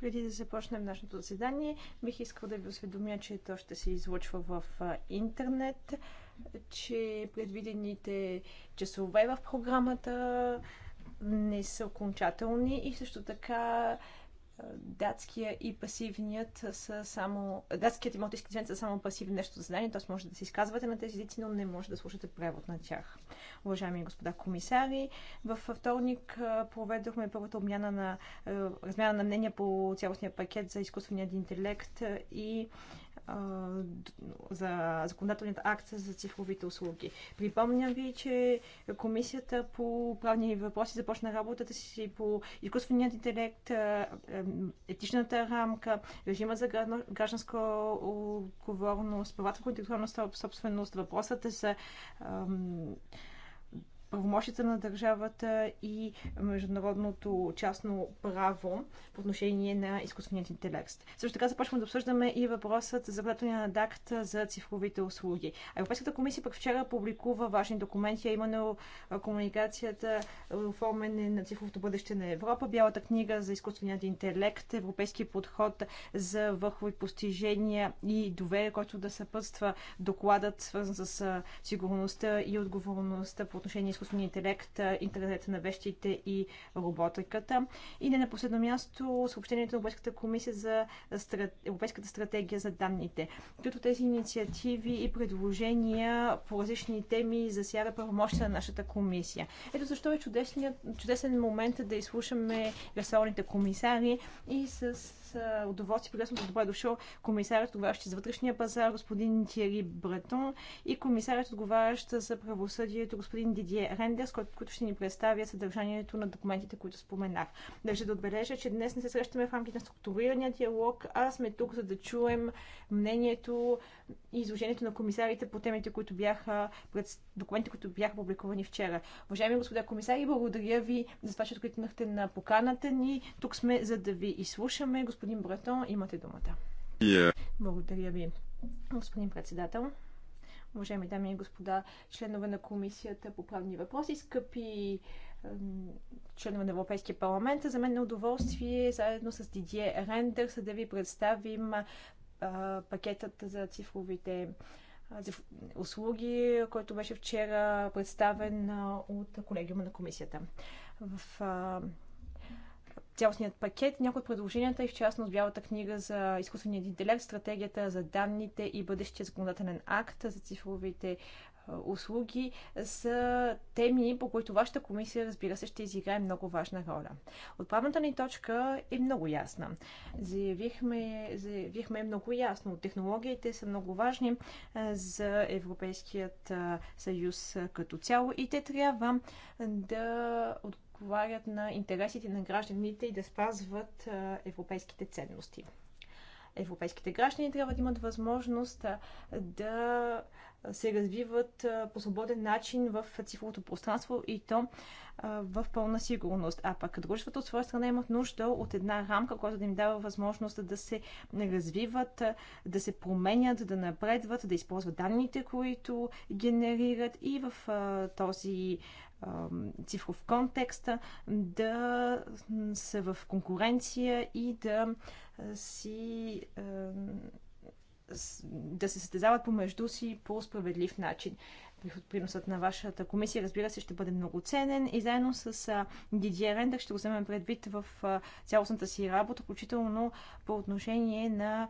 Преди да започнем нашето заседание, бих искал да ви осведомя, че то ще се излъчва в интернет, че предвидените часове в програмата не са окончателни и също така датския и пасивният са само... Датският и малтийски са само пасивни нещо за знание, т.е. може да се изказвате на тези езици, но не може да слушате превод на тях. Уважаеми господа комисари, във вторник проведохме първата обмяна на размяна на мнения по цялостния пакет за изкуствения интелект и за законодателната акт за цифровите услуги. Припомням ви, че Комисията по правни въпроси започна работата си по изкуственият интелект, етичната рамка, режима за гражданска отговорност, правата по интелектуална собственост, въпросът е за Правомощите на държавата и международното частно право по отношение на изкуственият интелект. Също така започваме да обсъждаме и въпросът за на дакт за цифровите услуги. Европейската комисия пък вчера публикува важни документи, а именно комуникацията, оформяне на цифровото бъдеще на Европа, Бялата книга за изкуственият интелект, европейски подход за върхови постижения и доверие, който да съпътства докладът, свързан с сигурността и отговорността по отношение изкуствения интелект, интернет на вещите и роботиката. И не на последно място съобщението на Европейската комисия за страт... Европейската стратегия за данните. Като тези инициативи и предложения по различни теми засяга правомощта на нашата комисия. Ето защо е чудесният, чудесен момент да изслушаме ресорните комисари и с е, удоволствие приветствам да добре дошъл комисарят, отговарящ за вътрешния пазар, господин Тиери Бретон и комисарят, отговарящ за правосъдието, господин Дидие Рендерс, който, който ще ни представя съдържанието на документите, които споменах. Държа да отбележа, че днес не се срещаме в рамките на структурирания диалог, а сме тук, за да чуем мнението и изложението на комисарите по темите, които бяха пред документите, които бяха публикувани вчера. Уважаеми господа комисари, благодаря ви за това, че откликнахте на поканата ни. Тук сме, за да ви изслушаме. Господин Господин Бретон, имате думата. Yeah. Благодаря ви, господин председател. Уважаеми дами и господа, членове на Комисията по правни въпроси, скъпи членове на Европейския парламент. За мен е удоволствие заедно с Дидие Рендърс да ви представим а, пакетът за цифровите услуги, който беше вчера представен от колегиума на комисията. В цялостният пакет, някои от предложенията и е в частност Бялата книга за изкуствения интелект, стратегията за данните и бъдещия законодателен акт за цифровите е, услуги са теми, по които вашата комисия, разбира се, ще изиграе много важна роля. Отправната ни точка е много ясна. Заявихме, заявихме много ясно. Технологиите са много важни е, за Европейският съюз като цяло и те трябва да отговарят на интересите на гражданите и да спазват европейските ценности. Европейските граждани трябва да имат възможност да се развиват по свободен начин в цифровото пространство и то в пълна сигурност. А пък дружествата от своя страна имат нужда от една рамка, която да им дава възможност да се развиват, да се променят, да напредват, да използват данните, които генерират и в този цифров контекст, да са в конкуренция и да си да се състезават помежду си по справедлив начин приносът на вашата комисия, разбира се, ще бъде много ценен и заедно с Дидия Рендър ще го вземем предвид в цялостната си работа, включително по отношение на,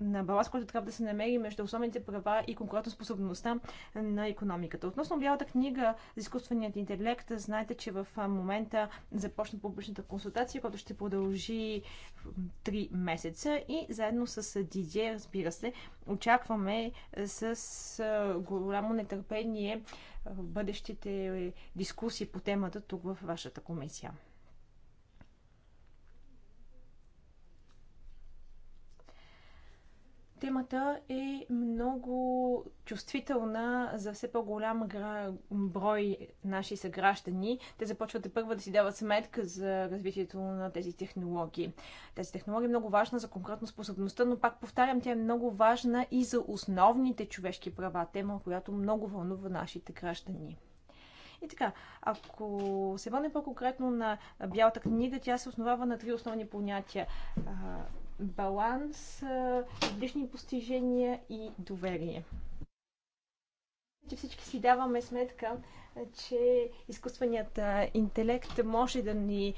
на баланс, който трябва да се намери между основните права и конкурентоспособността на економиката. Относно бялата книга за изкуственият интелект, знаете, че в момента започна публичната консултация, която ще продължи 3 месеца и заедно с Дидие, разбира се, очакваме с голямо нетърпение настроение бъдещите е, дискусии по темата тук в вашата комисия. Темата е много чувствителна за все по-голям брой наши съграждани. Те започват да първа да си дават сметка за развитието на тези технологии. Тази технология е много важна за конкретно способността, но пак повтарям, тя е много важна и за основните човешки права. Тема, която много вълнува нашите граждани. И така, ако се върнем по-конкретно на Бялата книга, тя се основава на три основни понятия баланс, лични постижения и доверие. Всички си даваме сметка че изкуственият интелект може да ни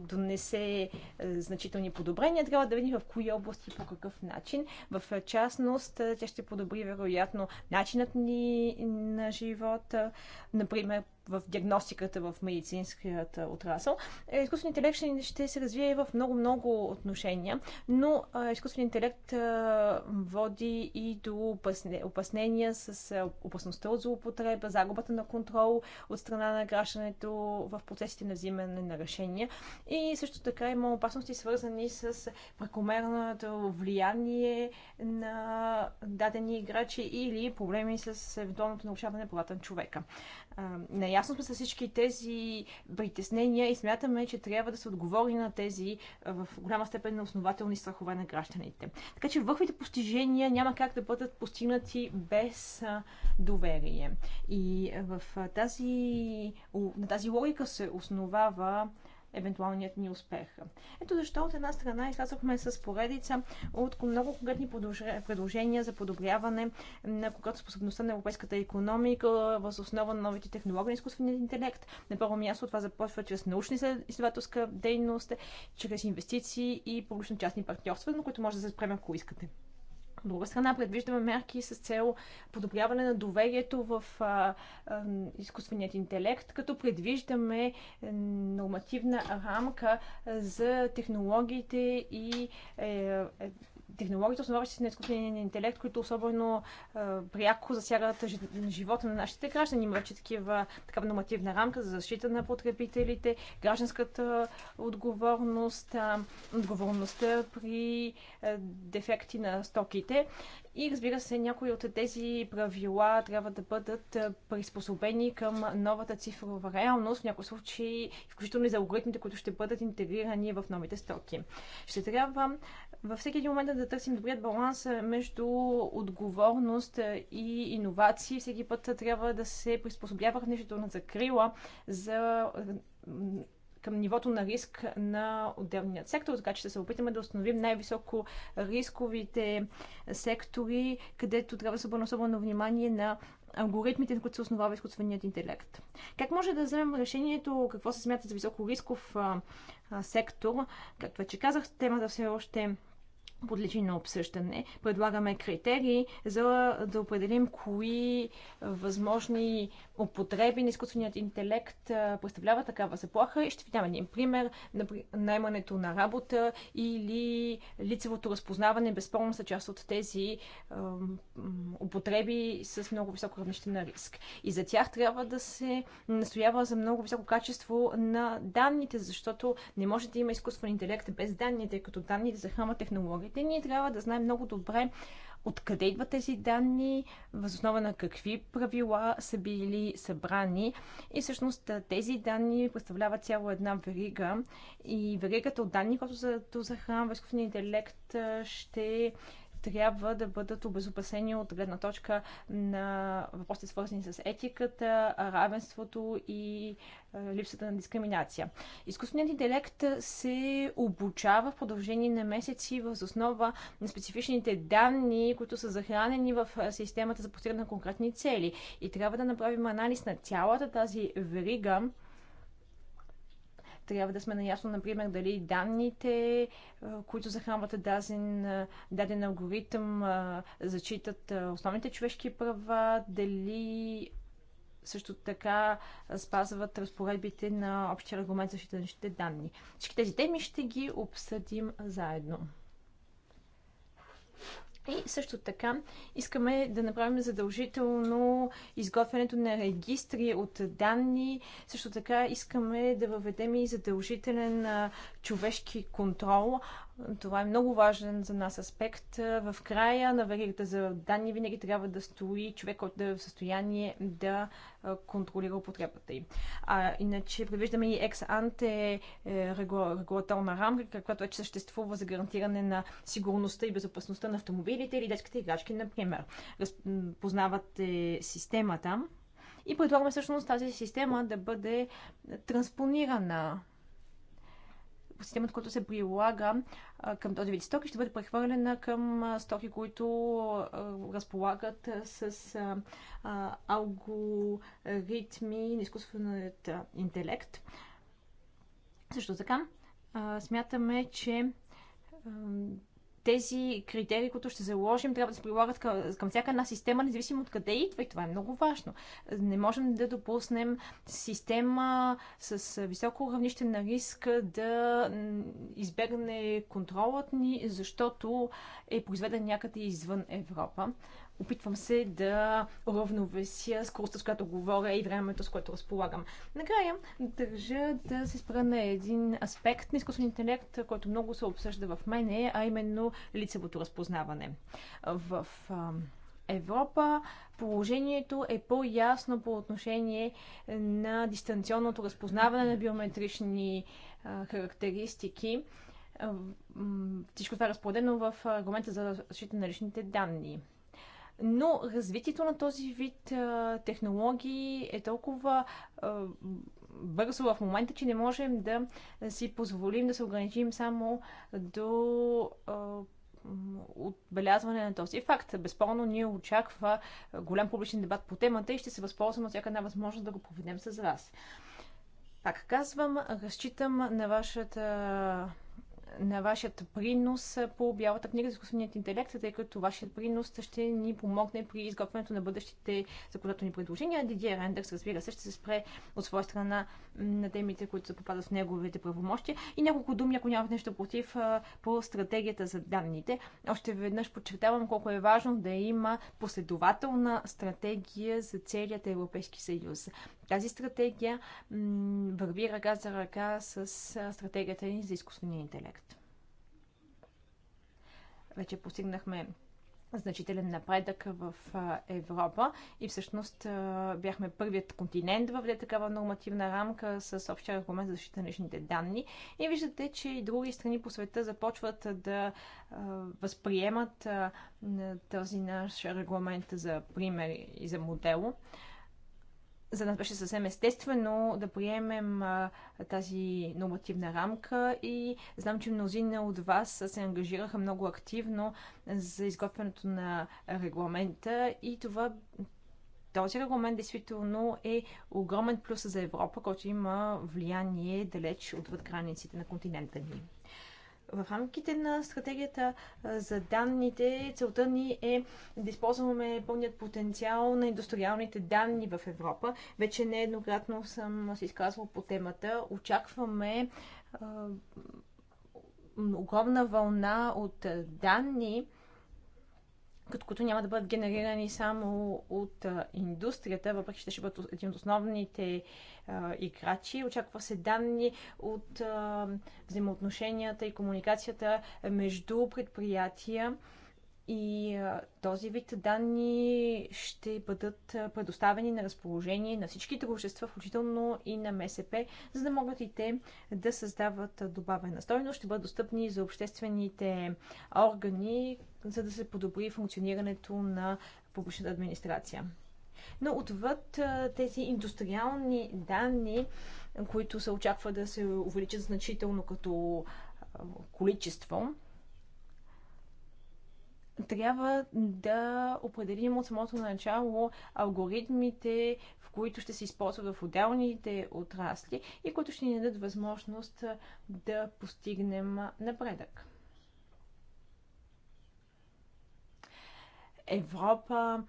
донесе значителни подобрения. Трябва да видим в кои области и по какъв начин. В частност, тя ще подобри вероятно начинът ни на живота, например в диагностиката в медицинският отрасъл. Е, изкуственият интелект ще се развие в много-много отношения, но изкуственият интелект води и до опаснения с опасността от злоупотреба, загубата на контрол, контрол от страна на гражданите в процесите на взимане на решения. И също така има опасности свързани с прекомерното влияние на дадени играчи или проблеми с евентуалното нарушаване правата на човека. Наясно сме с всички тези притеснения и смятаме, че трябва да се отговори на тези в голяма степен на основателни страхове на гражданите. Така че върхвите постижения няма как да бъдат постигнати без доверие. И в тази, на тази логика се основава евентуалният ни успех. Ето защо от една страна излязохме с поредица от много конкретни предложения за подобряване на когато способността на европейската економика въз основа на новите технологии на изкуствения интелект. На първо място това започва чрез научна изследователска дейност, чрез инвестиции и публично-частни партньорства, на които може да се спреме, ако искате. От друга страна, предвиждаме мерки с цел подобряване на доверието в а, а, изкуственият интелект, като предвиждаме нормативна рамка за технологиите и е, е, технологиите, основаващи се на изкуствения интелект, които особено а, пряко засягат живота на нашите граждани. Има вече такива, такава нормативна рамка за защита на потребителите, гражданската отговорност, а, отговорността при а, дефекти на стоките. И разбира се, някои от тези правила трябва да бъдат приспособени към новата цифрова реалност, в някои случаи, включително и за алгоритмите, които ще бъдат интегрирани в новите стоки. Ще трябва във всеки един момент да търсим добрият баланс между отговорност и иновации. Всеки път трябва да се приспособява нещо на закрила за към нивото на риск на отделният сектор, така че ще се опитаме да установим най-високо рисковите сектори, където трябва да се обърне особено внимание на алгоритмите, на които се основава изкуственият интелект. Как може да вземем решението какво се смята за високо рисков а, а, сектор? Както вече казах, темата все още подлежи на обсъждане. Предлагаме критерии за да определим кои възможни употреби на изкуственият интелект представлява такава заплаха. И ще ви дам един пример. Наймането на работа или лицевото разпознаване безспорно са част от тези употреби с много високо равнище на риск. И за тях трябва да се настоява за много високо качество на данните, защото не може да има изкуствен интелект без данните, като данните захранват технологията данните, ние трябва да знаем много добре откъде идват тези данни, възоснова на какви правила са били събрани. И всъщност тези данни представляват цяло една верига. И веригата от данни, която за, захранва изкуствения интелект, ще трябва да бъдат обезопасени от гледна точка на въпросите свързани с етиката, равенството и липсата на дискриминация. Изкуственият интелект се обучава в продължение на месеци в основа на специфичните данни, които са захранени в системата за постигане на конкретни цели. И трябва да направим анализ на цялата тази верига, трябва да сме наясно, например, дали данните, които захранват даден, даден алгоритъм, зачитат основните човешки права, дали също така спазват разпоредбите на общия регламент за защита на данни. Всички тези теми ще ги обсъдим заедно. И също така искаме да направим задължително изготвянето на регистри от данни. Също така искаме да въведем и задължителен човешки контрол, това е много важен за нас аспект. В края на веригата за данни винаги трябва да стои човек, който да е в състояние да контролира употребата им. А, иначе предвиждаме и екс-анте регулаторна рамка, която вече съществува за гарантиране на сигурността и безопасността на автомобилите или детските играчки, например. Познавате системата и предлагаме всъщност тази система да бъде транспонирана системата, която се прилага към този вид стоки, ще бъде прехвърлена към стоки, които разполагат с алгоритми на изкуственият интелект. Също така, смятаме, че тези критерии, които ще заложим, трябва да се прилагат към, към всяка една система, независимо от къде идва. И това е много важно. Не можем да допуснем система с високо равнище на риск да избегне контролът ни, защото е произведен някъде извън Европа. Опитвам се да равновеся скоростта, с която говоря и времето, с което разполагам. Накрая държа да се спра на един аспект на изкуствен интелект, който много се обсъжда в мене, а именно лицевото разпознаване. В Европа положението е по-ясно по отношение на дистанционното разпознаване на биометрични а, характеристики. Всичко това е разпоредено в аргумента за защита на личните данни но развитието на този вид а, технологии е толкова а, бързо в момента, че не можем да си позволим да се ограничим само до а, отбелязване на този факт. Безспорно ни очаква голям публичен дебат по темата и ще се възползвам от всяка една възможност да го поведем с вас. Пак казвам, разчитам на вашата на вашият принос по Бялата книга за изкуственият интелект, тъй като вашият принос ще ни помогне при изготвянето на бъдещите законодателни предложения. Дидия Рендърс, разбира се, ще се спре от своя страна на темите, които се попадат в неговите правомощи. И няколко думи, ако нямате нещо против, по стратегията за данните. Още веднъж подчертавам колко е важно да има последователна стратегия за целият Европейски съюз. Тази стратегия върви ръка за ръка с стратегията ни за изкуствения интелект. Вече постигнахме значителен напредък в Европа и всъщност бяхме първият континент да такава нормативна рамка с общия регламент за защита на личните данни. И виждате, че и други страни по света започват да възприемат този наш регламент за пример и за модел за нас беше съвсем естествено да приемем а, тази нормативна рамка и знам, че мнозина от вас се ангажираха много активно за изготвянето на регламента и това този регламент действително е огромен плюс за Европа, който има влияние далеч отвъд границите на континента ни. В рамките на стратегията за данните, целта ни е да използваме пълният потенциал на индустриалните данни в Европа. Вече нееднократно съм се изказвал по темата. Очакваме огромна вълна от данни, като, които няма да бъдат генерирани само от а, индустрията, въпреки че ще бъдат един от основните а, играчи. Очаква се данни от а, взаимоотношенията и комуникацията между предприятия и този вид данни ще бъдат предоставени на разположение на всички дружества, включително и на МСП, за да могат и те да създават добавена стойност. Ще бъдат достъпни за обществените органи, за да се подобри функционирането на публичната администрация. Но отвъд тези индустриални данни, които се очаква да се увеличат значително като количество, трябва да определим от самото начало алгоритмите, в които ще се използват в отделните отрасли и които ще ни дадат възможност да постигнем напредък. Европа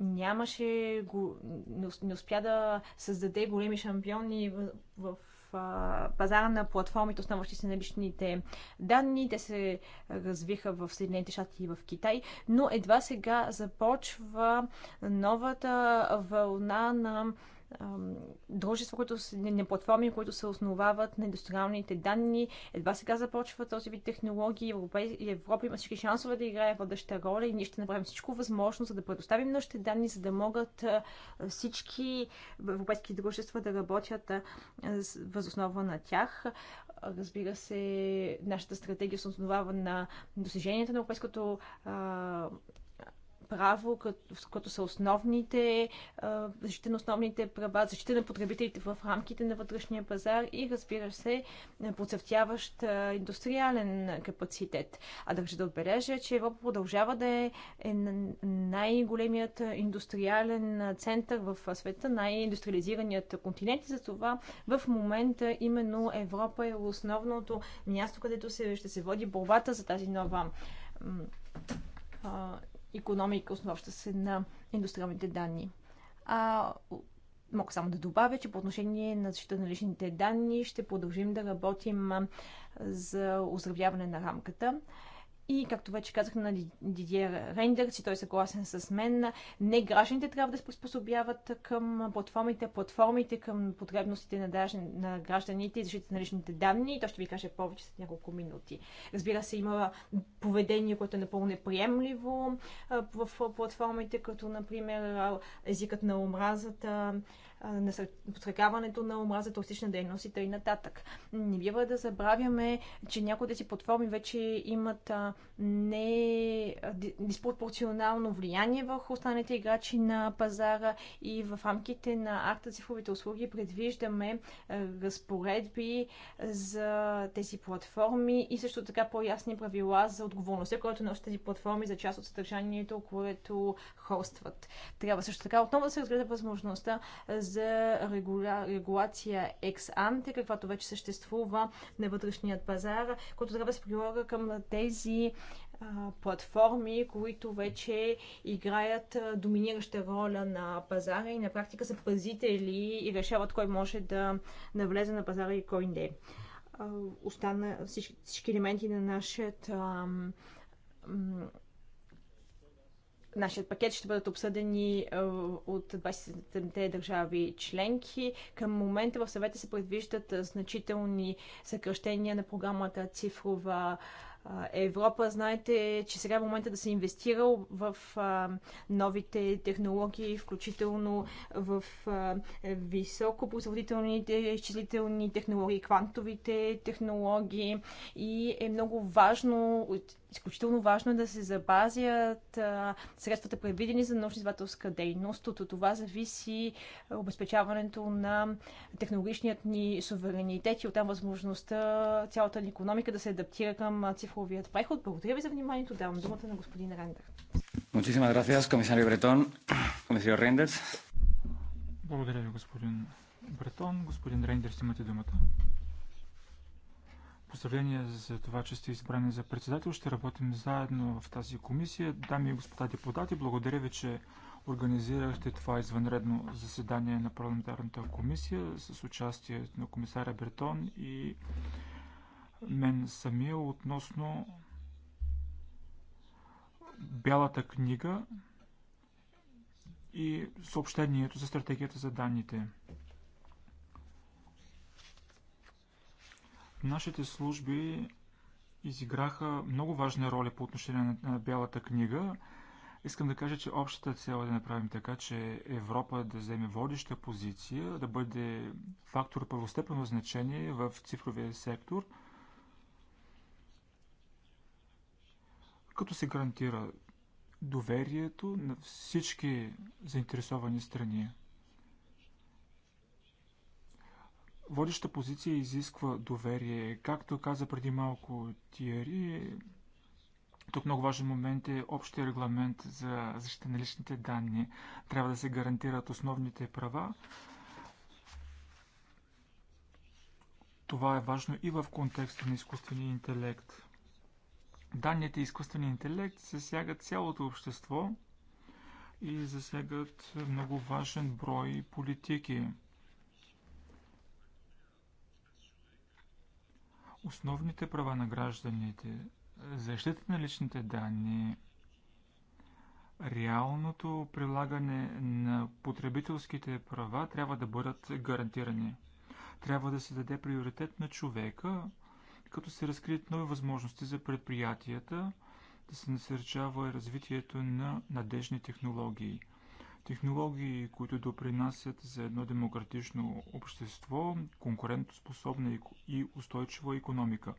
нямаше, не успя да създаде големи шампиони в, в пазара на платформите, основащи се на личните данни. Те се развиха в Съединените щати и в Китай, но едва сега започва новата вълна на дружества, които са не платформи, които се основават на индустриалните данни. Едва сега започва този вид технологии. Европей, Европа има всички шансове да играе водеща роля и ние ще направим всичко възможно, за да предоставим нашите данни, за да могат всички европейски дружества да работят възоснова на тях. Разбира се, нашата стратегия се основава на достиженията на европейското право, като което са основните, защита на основните права, защита на потребителите в рамките на вътрешния пазар и, разбира се, процъфтяващ индустриален капацитет. А държа да отбележа, че Европа продължава да е, е най-големият индустриален център в света, най-индустриализираният континент и за това в момента именно Европа е основното място, където се, ще се води борбата за тази нова економика, основаща се на индустриалните данни. А мога само да добавя, че по отношение на защита на личните данни ще продължим да работим за оздравяване на рамката. И, както вече казах на Дидие Рейндърс, и той е съгласен с мен, не гражданите трябва да се приспособяват към платформите, платформите към потребностите на, на гражданите и защита на личните данни. И той ще ви каже повече след няколко минути. Разбира се, има поведение, което е напълно неприемливо в платформите, като, например, езикът на омразата, подстрекаването на омраза, токсична дейност и т.н. Не бива да забравяме, че някои тези платформи вече имат не диспропорционално влияние върху останалите играчи на пазара и в рамките на акта цифровите услуги предвиждаме разпоредби за тези платформи и също така по-ясни правила за отговорността, която носят тези платформи за част от съдържанието, което хостват. Трябва също така отново да се разгледа възможността за регуля... регулация ex-ante, каквато вече съществува на вътрешният пазар, който трябва да се прилага към тези платформи, които вече играят доминираща роля на пазара и на практика са пазители и решават кой може да навлезе на пазара и кой не. Остана всички, всички елементи на нашия нашият пакет ще бъдат обсъдени е, от 27-те държави членки. Към момента в съвета се предвиждат значителни съкръщения на програмата Цифрова е, Европа. Знаете, че сега е момента да се инвестира в новите технологии, включително в високопроизводителните изчислителни технологии, квантовите технологии и е много важно Изключително важно е да се запазят средствата предвидени за научно-изследователска дейност. От това зависи обезпечаването на технологичният ни суверенитет и оттам възможността цялата ни економика да се адаптира към цифровият преход. Благодаря ви за вниманието. Давам думата на господин Рендер. Muchísimas gracias, комисарио Бретон, комисарио Рендерс. Благодаря ви, господин Бретон. Господин Рендерс, имате думата. Поздравления за това, че сте избрани за председател. Ще работим заедно в тази комисия. Дами и господа депутати, благодаря ви, че организирахте това извънредно заседание на парламентарната комисия с участие на комисаря Бертон и мен самия относно Бялата книга и съобщението за стратегията за данните. Нашите служби изиграха много важни роли по отношение на Бялата книга. Искам да кажа, че общата цел е да направим така, че Европа да вземе водеща позиция, да бъде фактор първостепенно значение в цифровия сектор, като се гарантира доверието на всички заинтересовани страни. Водеща позиция изисква доверие. Както каза преди малко Тиери, тук много важен момент е общия регламент за защита на личните данни. Трябва да се гарантират основните права. Това е важно и в контекста на изкуствения интелект. Данните и изкуствения интелект засягат цялото общество и засягат много важен брой политики. Основните права на гражданите, защита на личните данни, реалното прилагане на потребителските права трябва да бъдат гарантирани. Трябва да се даде приоритет на човека, като се разкрият нови възможности за предприятията, да се насърчава развитието на надежни технологии – технологии, които допринасят за едно демократично общество, конкурентоспособна и устойчива економика.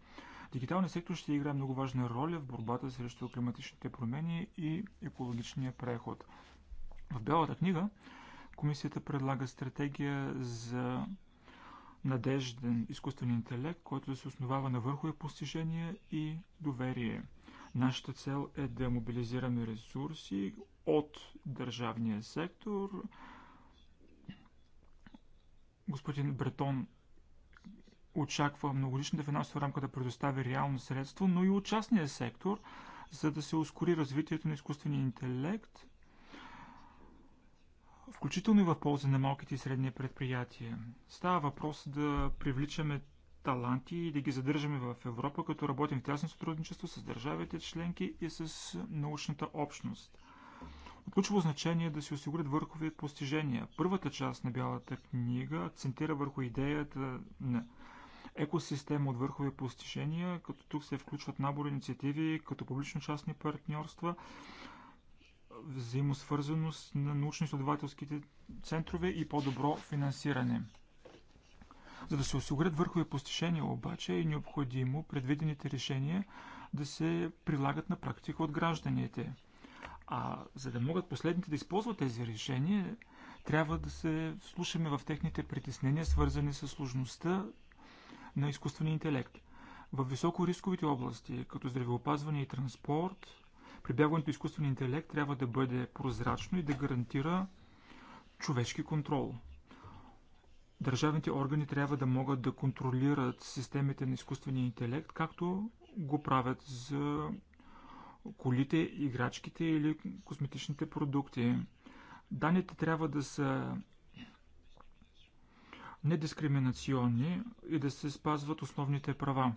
Дигиталният сектор ще играе много важна роля в борбата срещу климатичните промени и екологичния преход. В Бялата книга комисията предлага стратегия за надежден изкуствен интелект, който да се основава на върхови постижения и доверие – Нашата цел е да мобилизираме ресурси от държавния сектор. Господин Бретон очаква многоличната финансова рамка да предостави реално средство, но и от частния сектор, за да се ускори развитието на изкуствения интелект, включително и в полза на малките и средния предприятия. Става въпрос да привличаме таланти и да ги задържаме в Европа, като работим в тясно сътрудничество с държавите членки и с научната общност. От ключово значение е да се осигурят върхови постижения. Първата част на Бялата книга акцентира върху идеята на екосистема от върхови постижения, като тук се включват набор инициативи, като публично-частни партньорства, взаимосвързаност на научно-изследователските центрове и по-добро финансиране. За да се осигурят върхови постижения обаче е необходимо предвидените решения да се прилагат на практика от гражданите. А за да могат последните да използват тези решения, трябва да се слушаме в техните притеснения, свързани с сложността на изкуствения интелект. В високорисковите области, като здравеопазване и транспорт, прибягването до изкуствения интелект трябва да бъде прозрачно и да гарантира човешки контрол. Държавните органи трябва да могат да контролират системите на изкуствения интелект, както го правят за колите, играчките или косметичните продукти. Данните трябва да са недискриминационни и да се спазват основните права.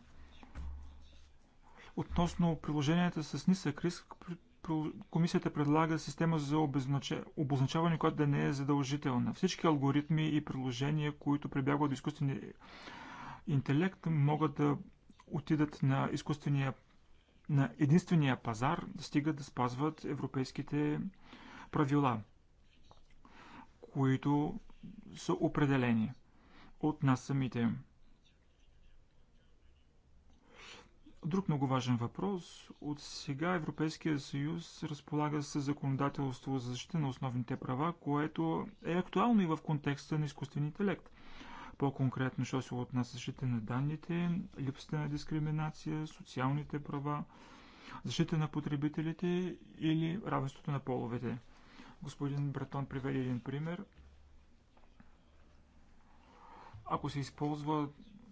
Относно приложенията с нисък риск, комисията предлага система за обозначаване, която да не е задължителна. Всички алгоритми и приложения, които прибягват до изкуствения интелект, могат да отидат на изкуствения на единствения пазар, стигат да спазват европейските правила, които са определени от нас самите. Друг много важен въпрос. От сега Европейския съюз разполага с законодателство за защита на основните права, което е актуално и в контекста на изкуствен интелект. По-конкретно, що се отнася защита на данните, липсата на дискриминация, социалните права, защита на потребителите или равенството на половете. Господин Бретон приведе един пример. Ако се използва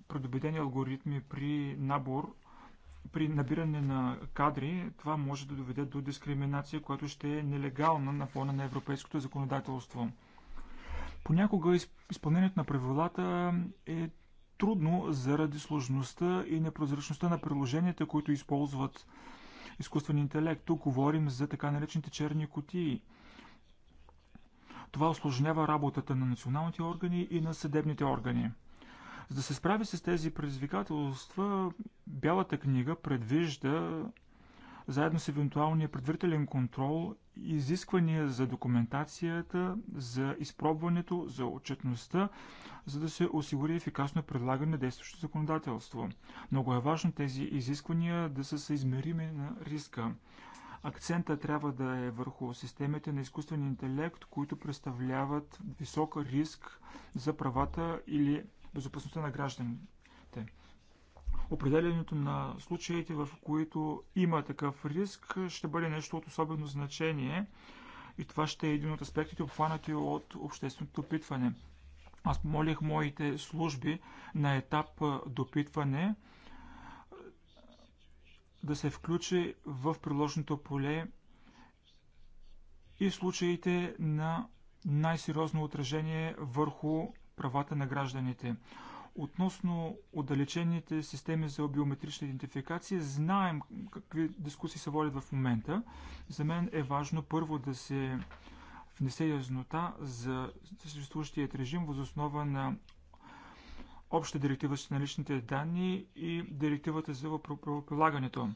предубедени алгоритми при набор при набиране на кадри това може да доведе до дискриминация, която ще е нелегална на фона на европейското законодателство. Понякога изпълнението на правилата е трудно заради сложността и непрозрачността на приложенията, които използват изкуствен интелект. Тук говорим за така наречените черни кутии. Това осложнява работата на националните органи и на съдебните органи. За да се справи с тези предизвикателства, Бялата книга предвижда, заедно с евентуалния предварителен контрол, изисквания за документацията, за изпробването, за отчетността, за да се осигури ефикасно предлагане на действащото законодателство. Много е важно тези изисквания да са съизмерими на риска. Акцента трябва да е върху системите на изкуствен интелект, които представляват висок риск за правата или безопасността на гражданите. Определянето на случаите, в които има такъв риск, ще бъде нещо от особено значение и това ще е един от аспектите, обхванати от общественото опитване. Аз помолих моите служби на етап допитване да се включи в приложното поле и случаите на най-сериозно отражение върху правата на гражданите. Относно отдалечените системи за биометрична идентификация, знаем какви дискусии се водят в момента. За мен е важно първо да се внесе яснота за съществуващият режим възоснова на Обща директива за наличните данни и директивата за правоприлагането.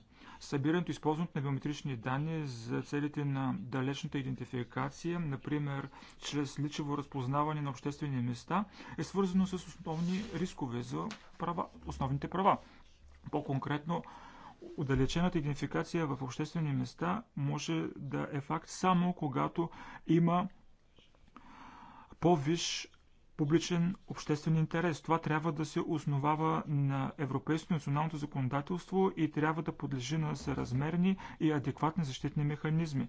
Събирането и използването на биометрични данни за целите на далечната идентификация, например чрез личево разпознаване на обществени места, е свързано с основни рискове за права, основните права. По-конкретно, удалечената идентификация в обществени места може да е факт само когато има по-виш публичен обществен интерес. Това трябва да се основава на европейско националното законодателство и трябва да подлежи на съразмерни и адекватни защитни механизми.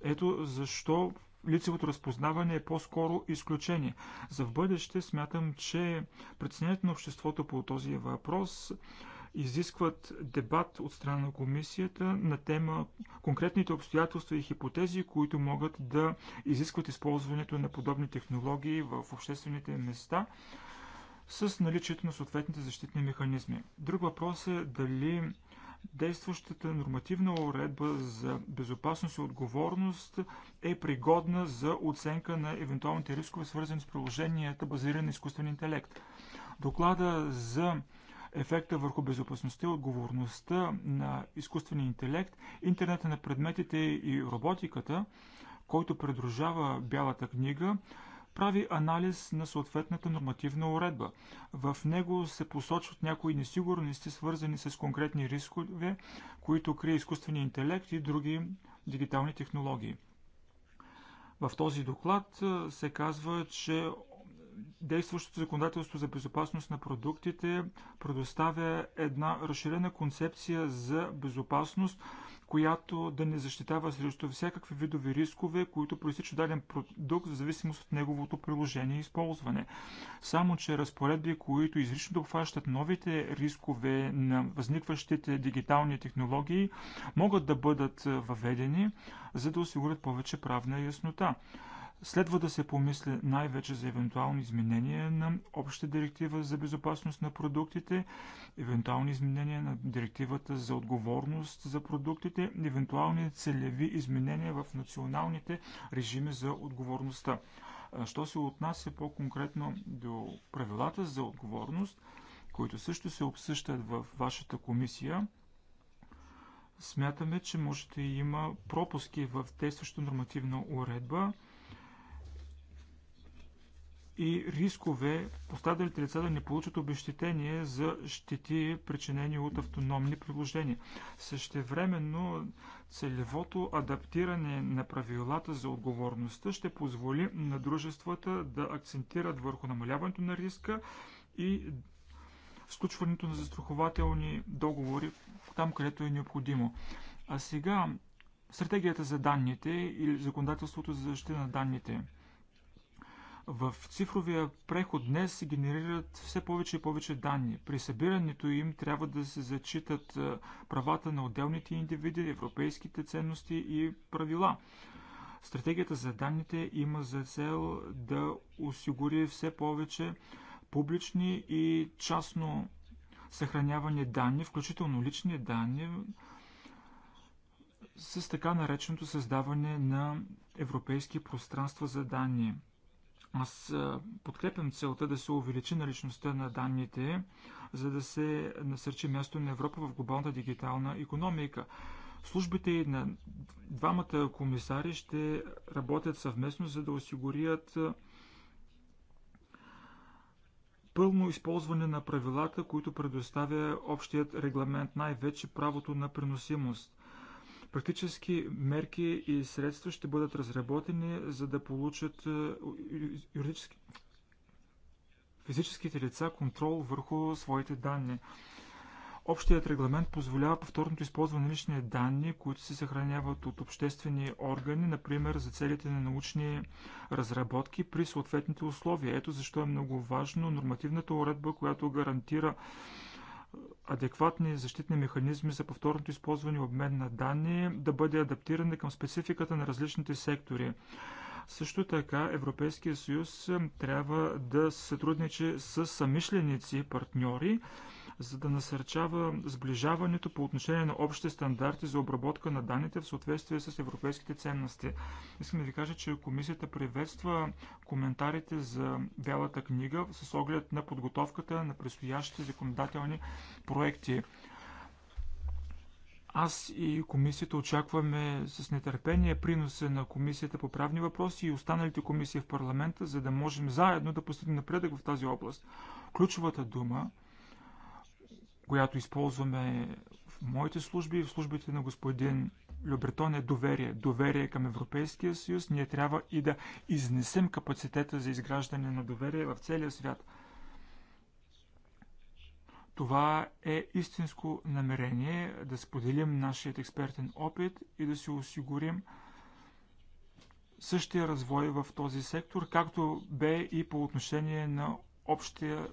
Ето защо лицевото разпознаване е по-скоро изключение. За в бъдеще смятам, че председанието на обществото по този въпрос изискват дебат от страна на комисията на тема конкретните обстоятелства и хипотези, които могат да изискват използването на подобни технологии в обществените места с наличието на съответните защитни механизми. Друг въпрос е дали действащата нормативна уредба за безопасност и отговорност е пригодна за оценка на евентуалните рискове, свързани с приложенията, базирани на изкуствен интелект. Доклада за ефекта върху безопасността и отговорността на изкуствения интелект, интернета на предметите и роботиката, който придружава Бялата книга, прави анализ на съответната нормативна уредба. В него се посочват някои несигурности, свързани с конкретни рискове, които крие изкуствения интелект и други дигитални технологии. В този доклад се казва, че действащото законодателство за безопасност на продуктите предоставя една разширена концепция за безопасност, която да не защитава срещу всякакви видови рискове, които проистича даден продукт в зависимост от неговото приложение и използване. Само, че разпоредби, които изрично да обхващат новите рискове на възникващите дигитални технологии, могат да бъдат въведени, за да осигурят повече правна яснота. Следва да се помисли най-вече за евентуални изменения на общата директива за безопасност на продуктите, евентуални изменения на директивата за отговорност за продуктите, евентуални целеви изменения в националните режими за отговорността. Що се отнася по-конкретно до правилата за отговорност, които също се обсъщат в вашата комисия, смятаме, че може да има пропуски в действащата нормативна уредба – и рискове пострадалите лица да не получат обещетение за щети, причинени от автономни приложения. Същевременно целевото адаптиране на правилата за отговорността ще позволи на дружествата да акцентират върху намаляването на риска и сключването на застрахователни договори там, където е необходимо. А сега стратегията за данните или законодателството за защита на данните – в цифровия преход днес се генерират все повече и повече данни. При събирането им трябва да се зачитат е, правата на отделните индивиди, европейските ценности и правила. Стратегията за данните има за цел да осигури все повече публични и частно съхранявани данни, включително лични данни, с така нареченото създаване на европейски пространства за данни. Аз подкрепям целта да се увеличи наличността на данните, за да се насърчи място на Европа в глобалната дигитална економика. Службите на двамата комисари ще работят съвместно, за да осигурят пълно използване на правилата, които предоставя общият регламент, най-вече правото на преносимост. Практически мерки и средства ще бъдат разработени, за да получат е, юридически... физическите лица контрол върху своите данни. Общият регламент позволява повторното използване на лични данни, които се съхраняват от обществени органи, например за целите на научни разработки при съответните условия. Ето защо е много важно нормативната уредба, която гарантира адекватни защитни механизми за повторното използване и обмен на данни да бъде адаптирана към спецификата на различните сектори. Също така Европейския съюз трябва да сътрудничи с самишленици и партньори, за да насърчава сближаването по отношение на общите стандарти за обработка на данните в съответствие с европейските ценности. Искам да ви кажа, че комисията приветства коментарите за Бялата книга с оглед на подготовката на предстоящите законодателни проекти. Аз и комисията очакваме с нетърпение приноса на комисията по правни въпроси и останалите комисии в парламента, за да можем заедно да постигнем напредък в тази област. Ключовата дума която използваме в моите служби и в службите на господин Любретон е доверие. Доверие към Европейския съюз. Ние трябва и да изнесем капацитета за изграждане на доверие в целия свят. Това е истинско намерение да споделим нашият експертен опит и да си осигурим същия развой в този сектор, както бе и по отношение на общия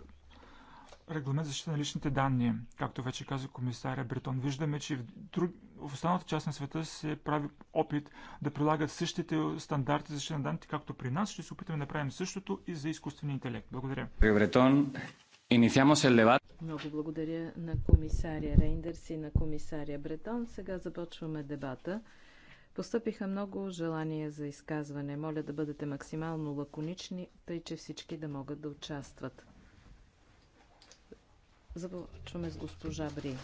регламент за защита на личните данни. Както вече каза комисаря Бретон, виждаме, че в, друг... в останалата част на света се прави опит да прилагат същите стандарти за защита на данните, както при нас. Ще се опитаме да направим същото и за изкуствения интелект. Благодаря. Бретон, Инициamos el дебат. Много благодаря на комисаря Рейндърс и на комисаря Бретон. Сега започваме дебата. Постъпиха много желания за изказване. Моля да бъдете максимално лаконични, тъй че всички да могат да участват. Започваме с госпожа Бри.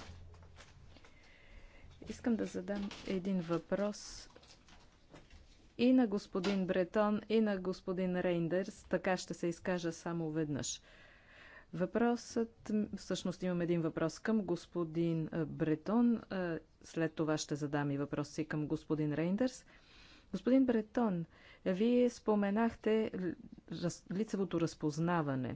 Искам да задам един въпрос и на господин Бретон, и на господин Рейндърс. Така ще се изкажа само веднъж. Въпросът, всъщност имам един въпрос към господин Бретон. След това ще задам и въпроси към господин Рейндърс. Господин Бретон, вие споменахте лицевото разпознаване.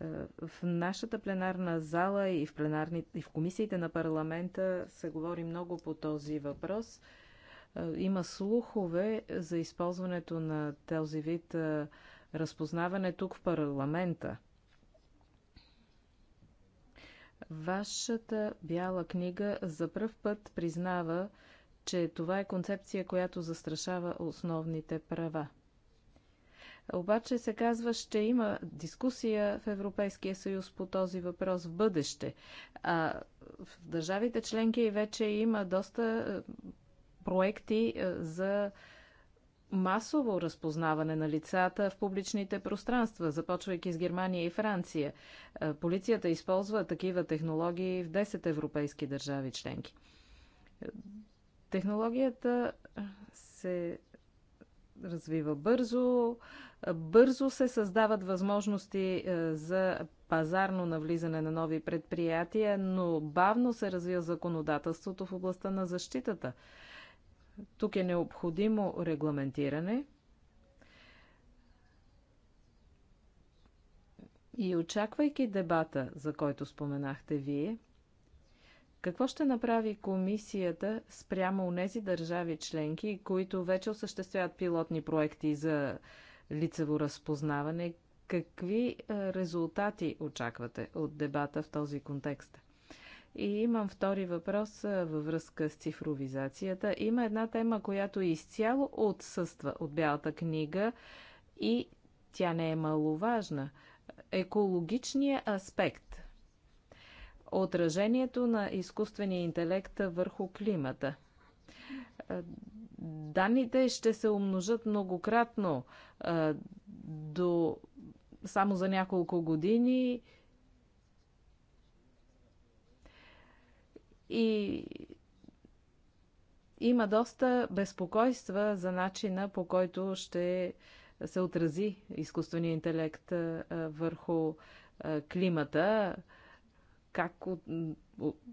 Е, в нашата пленарна зала и в, пленарни, и в комисиите на парламента се говори много по този въпрос. Е, има слухове за използването на този вид е, разпознаване тук в парламента. Вашата бяла книга за пръв път признава, че това е концепция, която застрашава основните права. Обаче се казва, ще има дискусия в Европейския съюз по този въпрос в бъдеще. А в държавите членки вече има доста е, проекти е, за масово разпознаване на лицата в публичните пространства, започвайки с Германия и Франция. Е, полицията използва такива технологии в 10 европейски държави членки. Технологията се развива бързо. Бързо се създават възможности е, за пазарно навлизане на нови предприятия, но бавно се развива законодателството в областта на защитата. Тук е необходимо регламентиране и очаквайки дебата, за който споменахте вие, какво ще направи комисията спрямо нези държави членки, които вече осъществяват пилотни проекти за лицево разпознаване? Какви е, резултати очаквате от дебата в този контекст? И имам втори въпрос е, във връзка с цифровизацията. Има една тема, която изцяло отсъства от Бялата книга и тя не е маловажна. Екологичният аспект отражението на изкуствения интелект върху климата. Данните ще се умножат многократно до само за няколко години и има доста безпокойства за начина по който ще се отрази изкуственият интелект върху климата. Как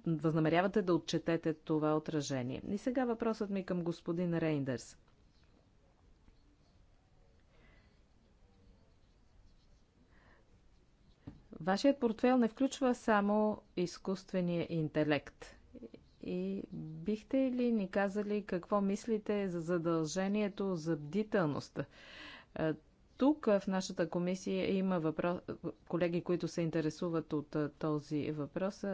възнамерявате да отчетете това отражение? И сега въпросът ми към господин Рейндърс. Вашият портфел не включва само изкуствения интелект. И бихте ли ни казали какво мислите за задължението за бдителност? Е, тук в нашата комисия има въпрос... колеги, които се интересуват от този въпрос.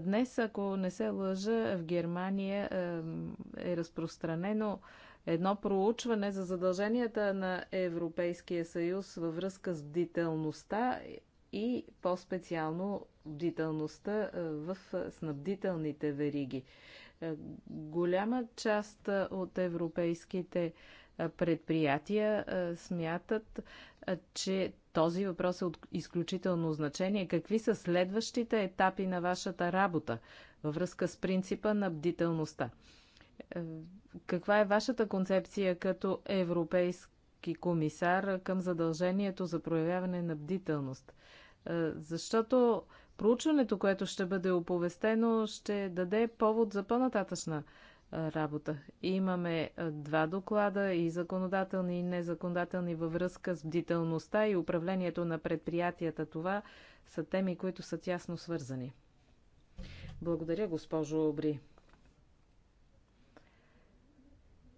Днес, ако не се лъжа, в Германия е разпространено едно проучване за задълженията на Европейския съюз във връзка с бдителността и по-специално бдителността в снабдителните вериги. Голяма част от европейските предприятия смятат, че този въпрос е от изключително значение. Какви са следващите етапи на вашата работа във връзка с принципа на бдителността? Е, каква е вашата концепция като европейски комисар към задължението за проявяване на бдителност? Е, защото проучването, което ще бъде оповестено, ще даде повод за по-нататъчна работа. Имаме два доклада и законодателни и незаконодателни във връзка с бдителността и управлението на предприятията. Това са теми, които са тясно свързани. Благодаря, госпожо Обри.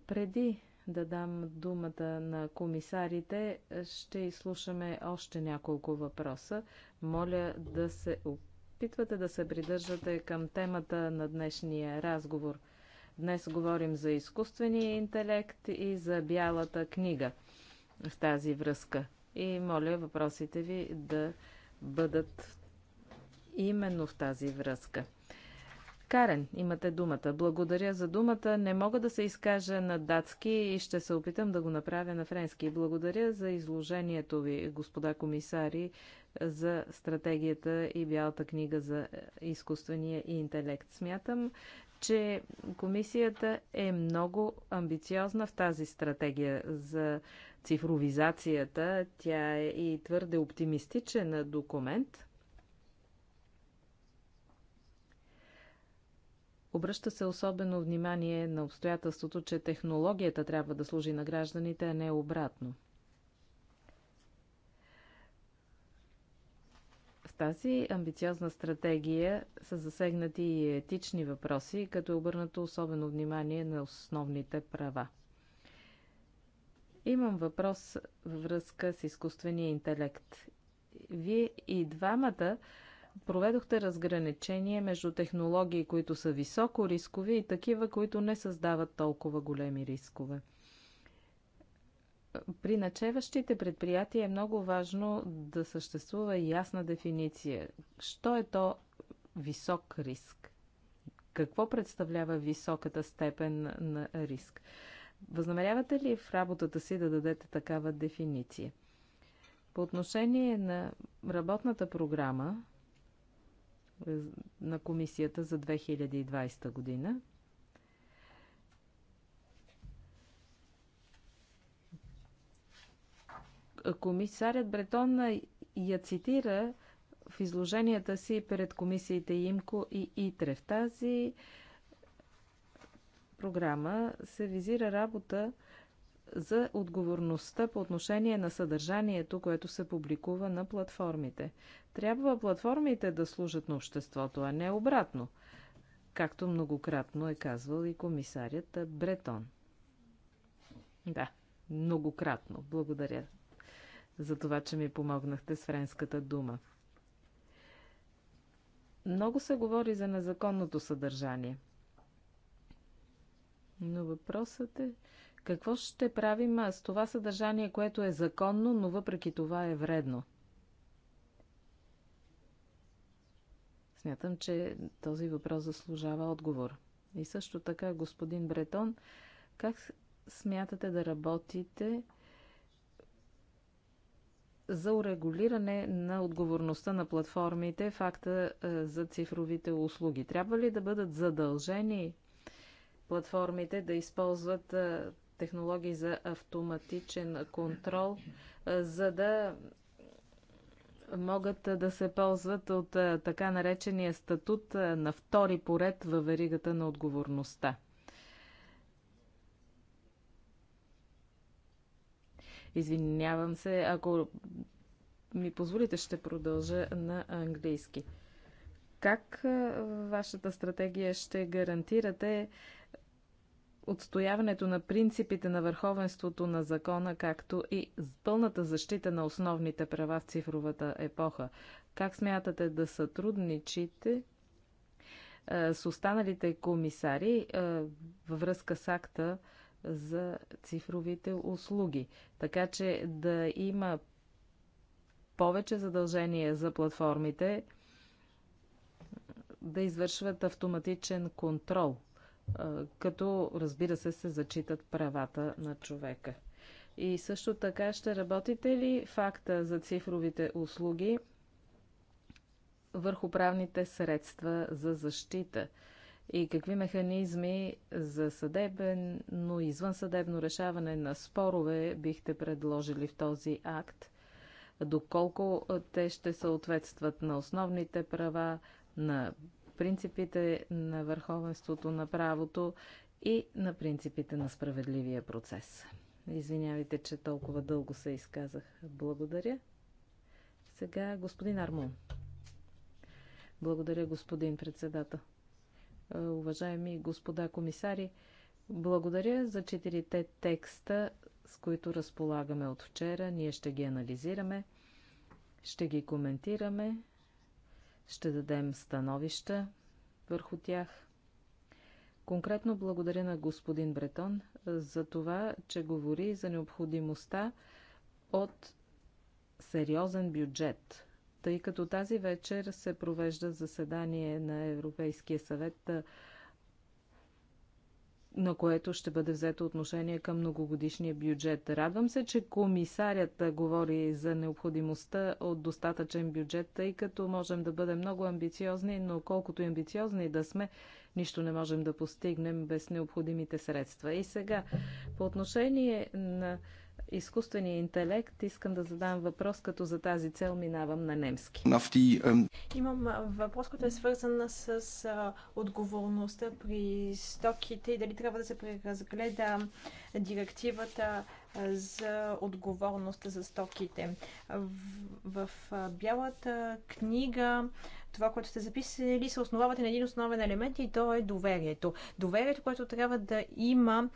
Преди да дам думата на комисарите, ще изслушаме още няколко въпроса. Моля да се опитвате да се придържате към темата на днешния разговор – Днес говорим за изкуствения интелект и за бялата книга в тази връзка. И моля въпросите ви да бъдат именно в тази връзка. Карен, имате думата. Благодаря за думата. Не мога да се изкажа на датски и ще се опитам да го направя на френски. Благодаря за изложението ви, господа комисари, за стратегията и бялата книга за изкуствения и интелект. Смятам, че комисията е много амбициозна в тази стратегия за цифровизацията. Тя е и твърде оптимистичен документ. Обръща се особено внимание на обстоятелството, че технологията трябва да служи на гражданите, а не обратно. тази амбициозна стратегия са засегнати и етични въпроси, като е обърнато особено внимание на основните права. Имам въпрос във връзка с изкуствения интелект. Вие и двамата проведохте разграничение между технологии, които са високо рискови и такива, които не създават толкова големи рискове – при начеващите предприятия е много важно да съществува ясна дефиниция. Що е то висок риск? Какво представлява високата степен на риск? Възнамерявате ли в работата си да дадете такава дефиниция? По отношение на работната програма е, на комисията за 2020 година, комисарят Бретон я цитира в изложенията си пред комисиите ИМКО и ИТРЕ. В тази програма се визира работа за отговорността по отношение на съдържанието, което се публикува на платформите. Трябва платформите да служат на обществото, а не обратно, както многократно е казвал и комисарят Бретон. Да, многократно. Благодаря за това, че ми помогнахте с френската дума. Много се говори за незаконното съдържание. Но въпросът е какво ще правим с това съдържание, което е законно, но въпреки това е вредно? Смятам, че този въпрос заслужава отговор. И също така, господин Бретон, как смятате да работите за урегулиране на отговорността на платформите факта е, за цифровите услуги. Трябва ли да бъдат задължени платформите да използват е, технологии за автоматичен контрол, е, за да могат да се ползват от така наречения статут на втори поред във веригата на отговорността? Извинявам се, ако ми позволите, ще продължа на английски. Как вашата стратегия ще гарантирате отстояването на принципите на върховенството на закона, както и пълната защита на основните права в цифровата епоха? Как смятате да сътрудничите с останалите комисари във връзка с акта за цифровите услуги. Така че да има повече задължения за платформите да извършват автоматичен контрол, като разбира се се зачитат правата на човека. И също така ще работите ли факта за цифровите услуги върху правните средства за защита? и какви механизми за съдебно извън извънсъдебно решаване на спорове бихте предложили в този акт? Доколко те ще съответстват на основните права, на принципите на върховенството на правото и на принципите на справедливия процес? Извинявайте, че толкова дълго се изказах. Благодаря. Сега господин Армон. Благодаря, господин председател. Е, уважаеми господа комисари. Благодаря за четирите текста, с които разполагаме от вчера. Ние ще ги анализираме, ще ги коментираме, ще дадем становища върху тях. Конкретно благодаря на господин Бретон за това, че говори за необходимостта от сериозен бюджет тъй като тази вечер се провежда заседание на Европейския съвет, на което ще бъде взето отношение към многогодишния бюджет. Радвам се, че комисарят говори за необходимостта от достатъчен бюджет, тъй като можем да бъдем много амбициозни, но колкото и амбициозни да сме, нищо не можем да постигнем без необходимите средства. И сега, по отношение на изкуствения интелект, искам да задам въпрос, като за тази цел минавам на немски. Имам въпрос, който е свързан с отговорността при стоките и дали трябва да се преразгледа директивата за отговорност за стоките. В, в бялата книга това, което сте записали, се основавате на един основен елемент и то е доверието. Доверието, което трябва да има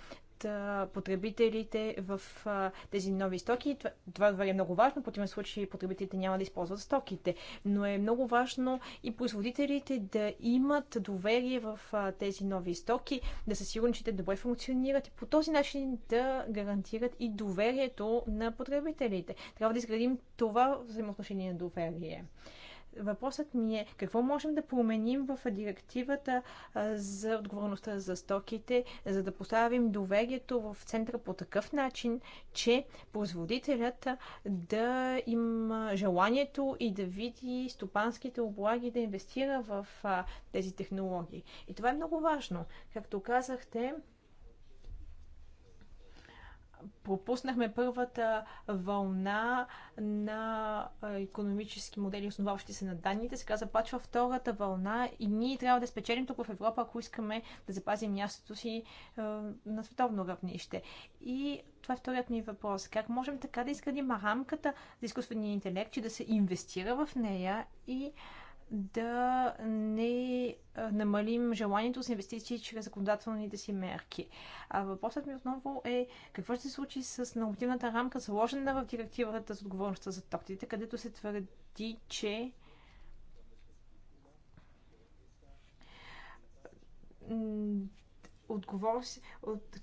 потребителите в тези нови стоки. Това това е много важно, в противен случай потребителите няма да използват стоките. Но е много важно и производителите да имат доверие в тези нови стоки, да са сигурни, че те добре функционират и по този начин да гарантират и доверието на потребителите. Трябва да изградим това взаимоотношение на доверие. Въпросът ми е какво можем да променим в директивата за отговорността за стоките, за да поставим доверието в центъра по такъв начин, че производителят да има желанието и да види стопанските облаги да инвестира в тези технологии. И това е много важно. Както казахте, пропуснахме първата вълна на економически модели, основаващи се на данните. Сега започва втората вълна и ние трябва да спечелим тук в Европа, ако искаме да запазим мястото си на световно равнище. И това е вторият ми въпрос. Как можем така да изградим рамката за изкуствения интелект, че да се инвестира в нея и да не намалим желанието с инвестиции чрез законодателните си мерки. А въпросът ми отново е какво ще се случи с нормативната рамка, заложена в директивата за отговорността за тортите, където се твърди, че от,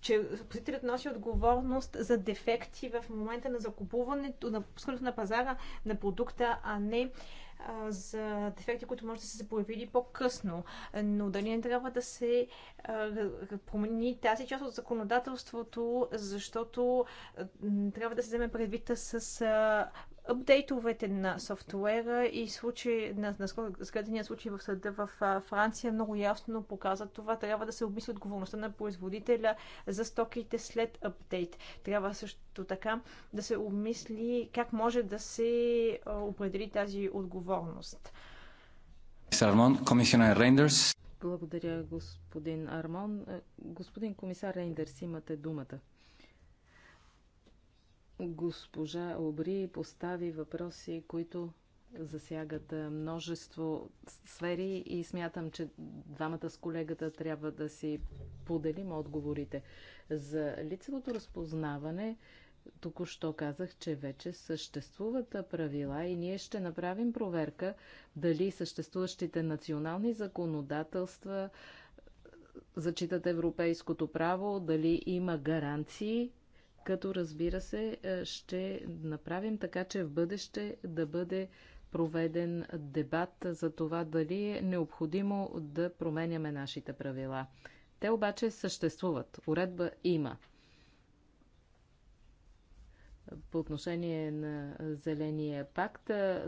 че производителят носи отговорност за дефекти в момента на закупуването, на пускането на пазара на продукта, а не за дефекти, които може да са се появили по-късно. Но дали не трябва да се промени тази част от законодателството, защото трябва да се вземе предвид с апдейтовете на софтуера и случай, на, на разгледания случай в съда в Франция много ясно показа това. Трябва да се обмисли отговорността на производителя за стоките след апдейт. Трябва също така да се обмисли как може да се определи тази отговорност. Сармон, комисионер Рейндърс. Благодаря, господин Армон. Господин комисар Рейндърс, имате думата. Госпожа Обри постави въпроси, които засягат множество сфери и смятам, че двамата с колегата трябва да си поделим отговорите. За лицевото разпознаване току-що казах, че вече съществуват правила и ние ще направим проверка дали съществуващите национални законодателства зачитат европейското право, дали има гаранции като разбира се е, ще направим така, че в бъдеще да бъде проведен дебат за това дали е необходимо да променяме нашите правила. Те обаче съществуват. Уредба има. По отношение на Зеления пакт е,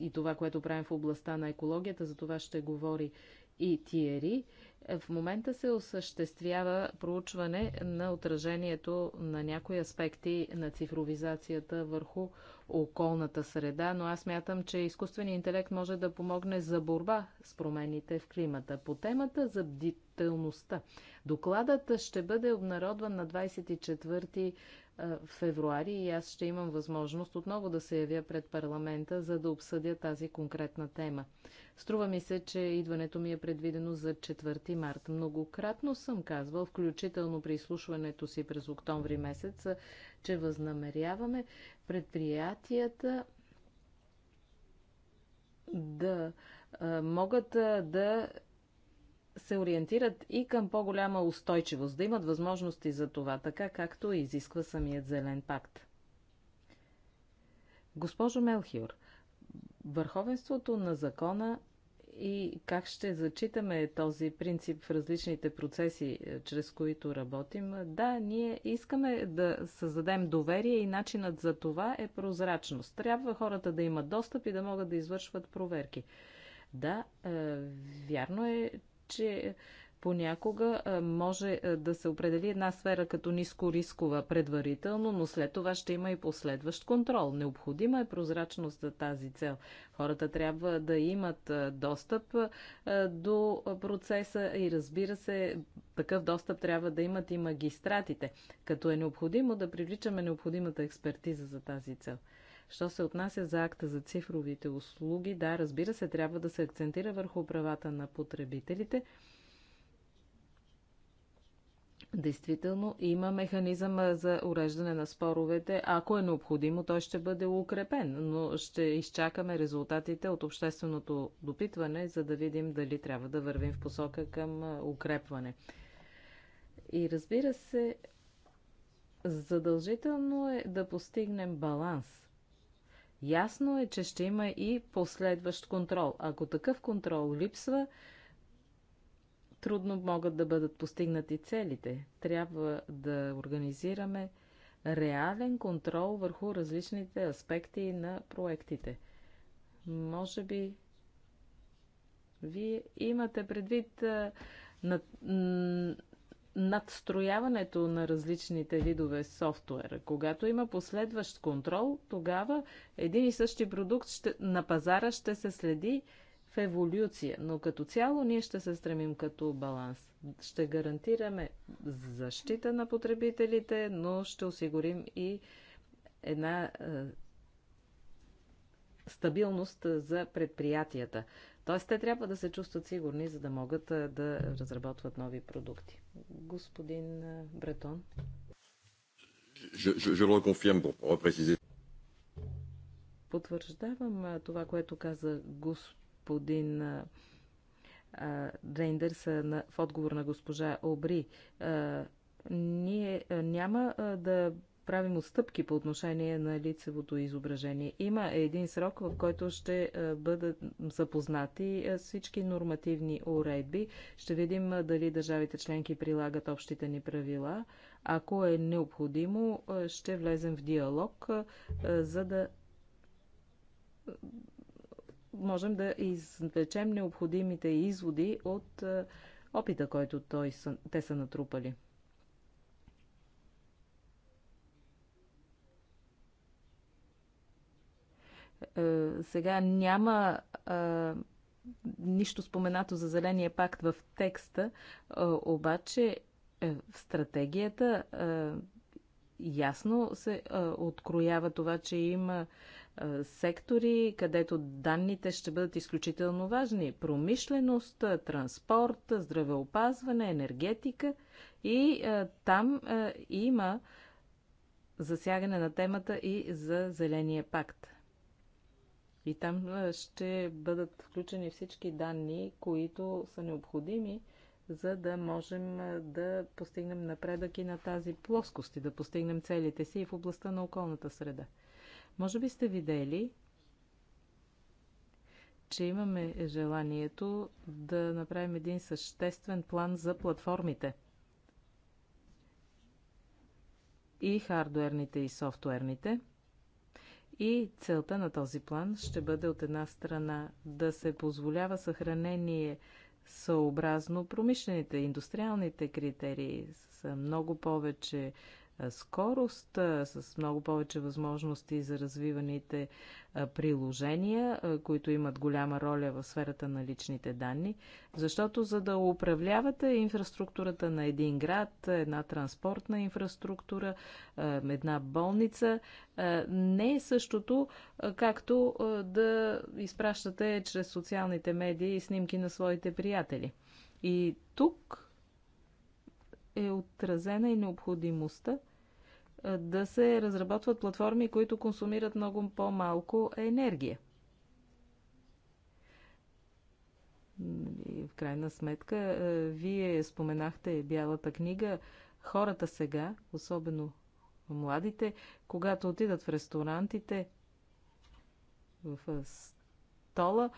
и това, което правим в областта на екологията, за това ще говори и Тиери. Е, в момента се осъществява проучване на отражението на някои аспекти на цифровизацията върху околната среда, но аз мятам, че изкуственият интелект може да помогне за борба с промените в климата. По темата за действителността. Докладът ще бъде обнародван на 24 е, февруари и аз ще имам възможност отново да се явя пред парламента, за да обсъдя тази конкретна тема. Струва ми се, че идването ми е предвидено за 4 март. Многократно съм казвал, включително при изслушването си през октомври месец, че възнамеряваме предприятията да е, могат е, да се ориентират и към по-голяма устойчивост, да имат възможности за това, така както изисква самият Зелен пакт. Госпожо Мелхиор, върховенството на закона и как ще зачитаме този принцип в различните процеси, е, чрез които работим. Да, ние искаме да създадем доверие и начинът за това е прозрачност. Трябва хората да имат достъп и да могат да извършват проверки. Да, е, вярно е, че понякога може да се определи една сфера като ниско рискова предварително, но след това ще има и последващ контрол. Необходима е прозрачност за тази цел. Хората трябва да имат достъп до процеса и разбира се, такъв достъп трябва да имат и магистратите, като е необходимо да привличаме необходимата експертиза за тази цел. Що се отнася за акта за цифровите услуги, да, разбира се, трябва да се акцентира върху правата на потребителите. Действително има механизъм за уреждане на споровете. Ако е необходимо, той ще бъде укрепен, но ще изчакаме резултатите от общественото допитване, за да видим дали трябва да вървим в посока към укрепване. И разбира се, задължително е да постигнем баланс Ясно е, че ще има и последващ контрол. Ако такъв контрол липсва, трудно могат да бъдат постигнати целите. Трябва да организираме реален контрол върху различните аспекти на проектите. Може би вие имате предвид на, надстрояването на различните видове софтуера. Когато има последващ контрол, тогава един и същи продукт ще, на пазара ще се следи в еволюция. Но като цяло ние ще се стремим като баланс. Ще гарантираме защита на потребителите, но ще осигурим и една стабилност за предприятията. Тоест, те трябва да се чувстват сигурни, за да могат да разработват нови продукти. Господин Бретон. Потвърждавам това, което каза господин Рейндърс в отговор на госпожа Обри ние няма да правим отстъпки по отношение на лицевото изображение. Има един срок, в който ще бъдат запознати всички нормативни уредби. Ще видим дали държавите членки прилагат общите ни правила. Ако е необходимо, ще влезем в диалог, за да можем да извлечем необходимите изводи от опита, който той са, те са натрупали. Е, сега няма е, нищо споменато за Зеления пакт в текста, е, обаче в стратегията ясно се откроява това, че има сектори, където данните ще бъдат изключително важни. Промишленост, транспорт, здравеопазване, енергетика. И там има засягане на темата и за Зеления пакт. И там ще бъдат включени всички данни, които са необходими, за да можем да постигнем напредък и на тази плоскост и да постигнем целите си и в областта на околната среда. Може би сте видели, че имаме желанието да направим един съществен план за платформите и хардуерните и софтуерните. И целта на този план ще бъде от една страна да се позволява съхранение съобразно промишлените, индустриалните критерии с много повече скорост, с много повече възможности за развиваните приложения, които имат голяма роля в сферата на личните данни, защото за да управлявате инфраструктурата на един град, една транспортна инфраструктура, една болница, не е същото, както да изпращате чрез социалните медии снимки на своите приятели. И тук е отразена и необходимостта е, да се разработват платформи, които консумират много по-малко енергия. И в крайна сметка, е, вие споменахте Бялата книга. Хората сега, особено младите, когато отидат в ресторантите, в е, стола,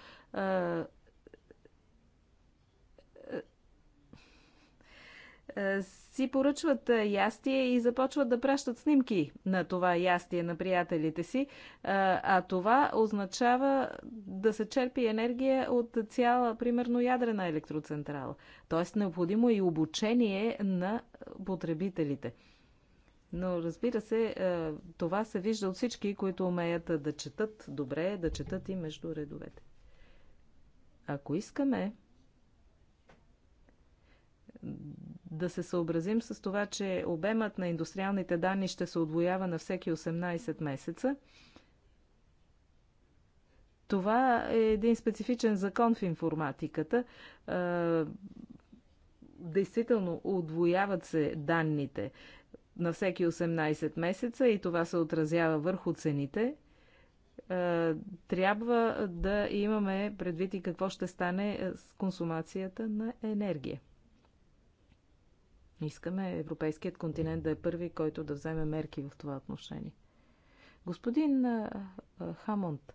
Е, си поръчват е, ястие и започват да пращат снимки на това ястие на приятелите си, е, а това означава да се черпи енергия от цяла, примерно, ядрена електроцентрала. Тоест, необходимо и обучение на потребителите. Но разбира се, това се вижда от всички, които умеят да четат добре, да четат и между редовете. Ако искаме да се съобразим с това, че обемът на индустриалните данни ще се отвоява на всеки 18 месеца. Това е един специфичен закон в информатиката. Действително, отвояват се данните на всеки 18 месеца и това се отразява върху цените. Трябва да имаме предвид и какво ще стане с консумацията на енергия. Искаме европейският континент да е първи, който да вземе мерки в това отношение. Господин Хамонт,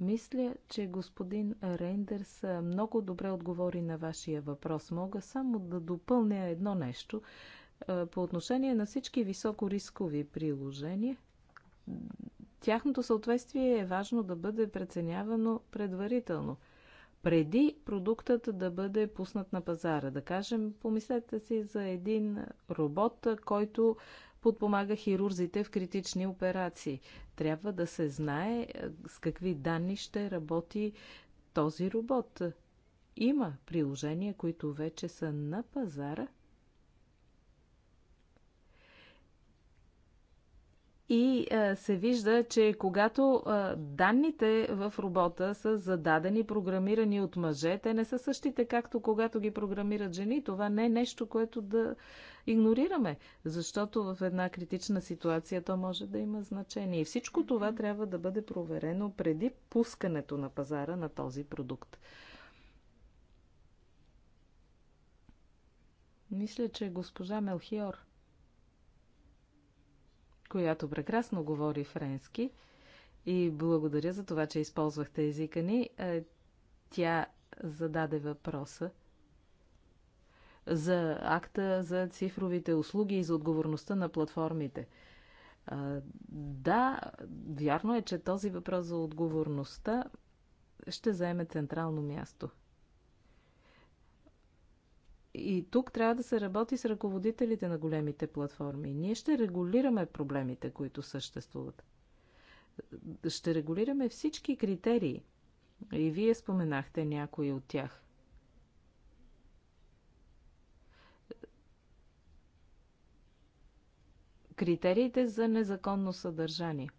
мисля, че господин Рейндерс много добре отговори на вашия въпрос. Мога само да допълня едно нещо. По отношение на всички високорискови приложения, тяхното съответствие е важно да бъде преценявано предварително – преди продуктът да бъде пуснат на пазара. Да кажем, помислете си за един робот, който подпомага хирурзите в критични операции. Трябва да се знае е, с какви данни ще работи този робот. Има приложения, които вече са на пазара – и е, се вижда, че когато е, данните в робота са зададени, програмирани от мъже, те не са същите, както когато ги програмират жени. Това не е нещо, което да игнорираме, защото в една критична ситуация то може да има значение. И всичко това трябва да бъде проверено преди пускането на пазара на този продукт. Мисля, че госпожа Мелхиор която прекрасно говори френски и благодаря за това, че използвахте езика ни. Е, тя зададе въпроса за акта за цифровите услуги и за отговорността на платформите. Е, да, вярно е, че този въпрос за отговорността ще заеме централно място – и тук трябва да се работи с ръководителите на големите платформи. Ние ще регулираме проблемите, които съществуват. Ще регулираме всички критерии. И вие споменахте някои от тях. Критериите за незаконно съдържание.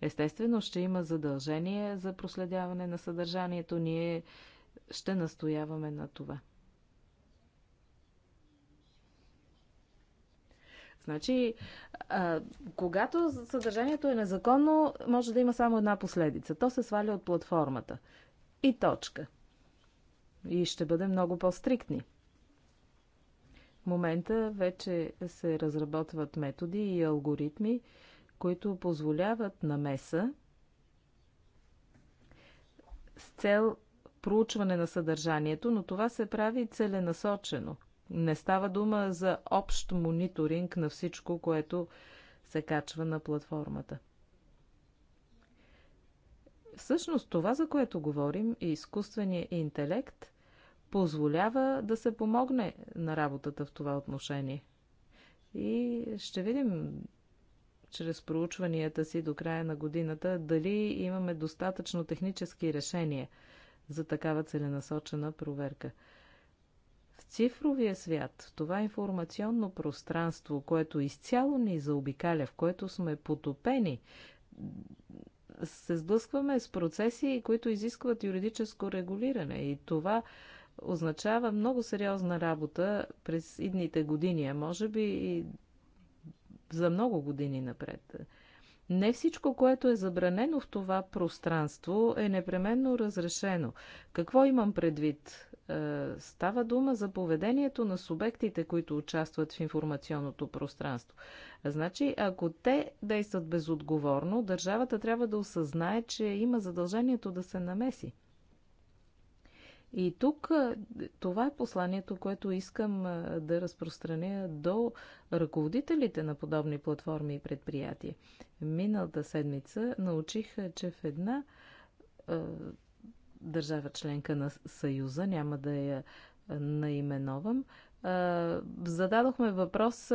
Естествено, ще има задължение за проследяване на съдържанието. Ние ще настояваме на това. Значи, а, когато съдържанието е незаконно, може да има само една последица. То се сваля от платформата. И точка. И ще бъде много по-стриктни. В момента вече се разработват методи и алгоритми, които позволяват намеса с цел проучване на съдържанието, но това се прави целенасочено – не става дума за общ мониторинг на всичко, което се качва на платформата. Всъщност това, за което говорим, и изкуственият интелект позволява да се помогне на работата в това отношение. И ще видим чрез проучванията си до края на годината дали имаме достатъчно технически решения за такава целенасочена проверка цифровия свят, това информационно пространство, което изцяло ни заобикаля, в което сме потопени, се сблъскваме с процеси, които изискват юридическо регулиране. И това означава много сериозна работа през идните години, а може би и за много години напред. Не всичко, което е забранено в това пространство, е непременно разрешено. Какво имам предвид? Е, става дума за поведението на субектите, които участват в информационното пространство. Значи, ако те действат безотговорно, държавата трябва да осъзнае, че има задължението да се намеси. И тук е, това е посланието, което искам е, да разпространя до ръководителите на подобни платформи и предприятия. Миналата седмица научих, че в една държава членка на Съюза, няма да я наименовам, зададохме въпрос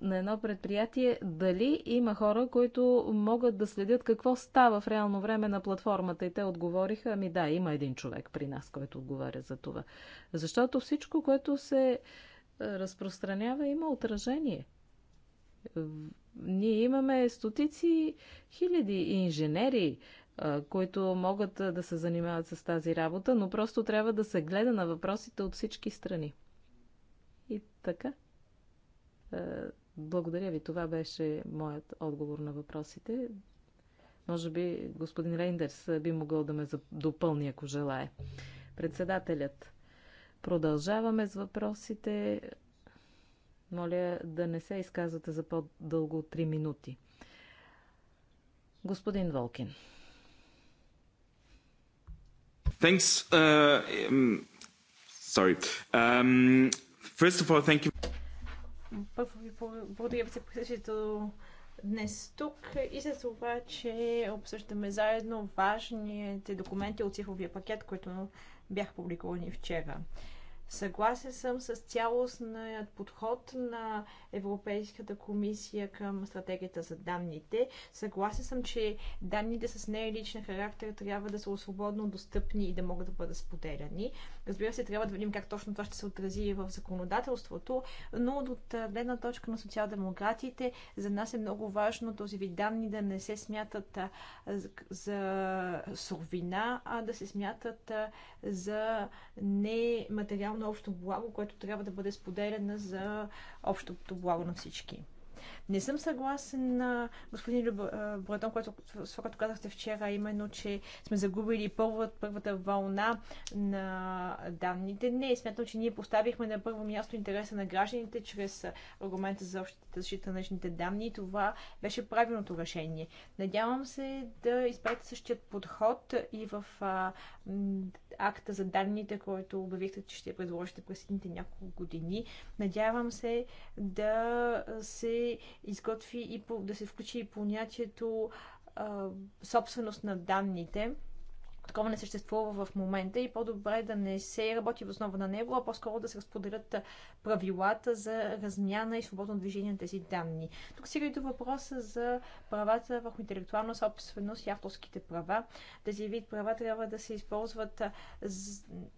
на едно предприятие дали има хора, които могат да следят какво става в реално време на платформата. И те отговориха, ами да, има един човек при нас, който отговаря за това. Защото всичко, което се разпространява, има отражение. Ние имаме стотици хиляди инженери, които могат да се занимават с тази работа, но просто трябва да се гледа на въпросите от всички страни. И така. Благодаря ви. Това беше моят отговор на въпросите. Може би господин Рейндерс би могъл да ме допълни, ако желая. Председателят. Продължаваме с въпросите. Моля да не се изказвате за по-дълго от 3 минути. Господин Волкин. Thanks, uh, um, sorry. Um, first of all, thank you. Първо ви благодаря за присъствието днес тук и за това, че обсъждаме заедно важните документи от цифровия пакет, които бяха публикувани вчера. Съгласен съм с цялостният подход на Европейската комисия към стратегията за данните. Съгласен съм, че данните с нея личен характер трябва да са свободно достъпни и да могат да бъдат споделяни. Разбира се, трябва да видим как точно това ще се отрази в законодателството, но от гледна точка на социал-демократите за нас е много важно този вид данни да не се смятат за суровина, а да се смятат за нематериално на общо благо, което трябва да бъде споделено за общото благо на всички. Не съм съгласен на господин Бретон, което, с което казахте вчера, именно, че сме загубили първата, първата вълна на данните. Не, смятам, че ние поставихме на първо място интереса на гражданите чрез аргумента за общата защита на личните данни и това беше правилното решение. Надявам се да изберете същият подход и в а, акта за данните, който обявихте, че ще предложите през следните няколко години. Надявам се да се изготви и по, да се включи и понятието а, собственост на данните. Такова не съществува в момента и по-добре да не се работи в основа на него, а по-скоро да се разподелят правилата за размяна и свободно движение на тези данни. Тук сега и до въпроса за правата върху интелектуална собственост и авторските права. Тези вид права трябва да се използват,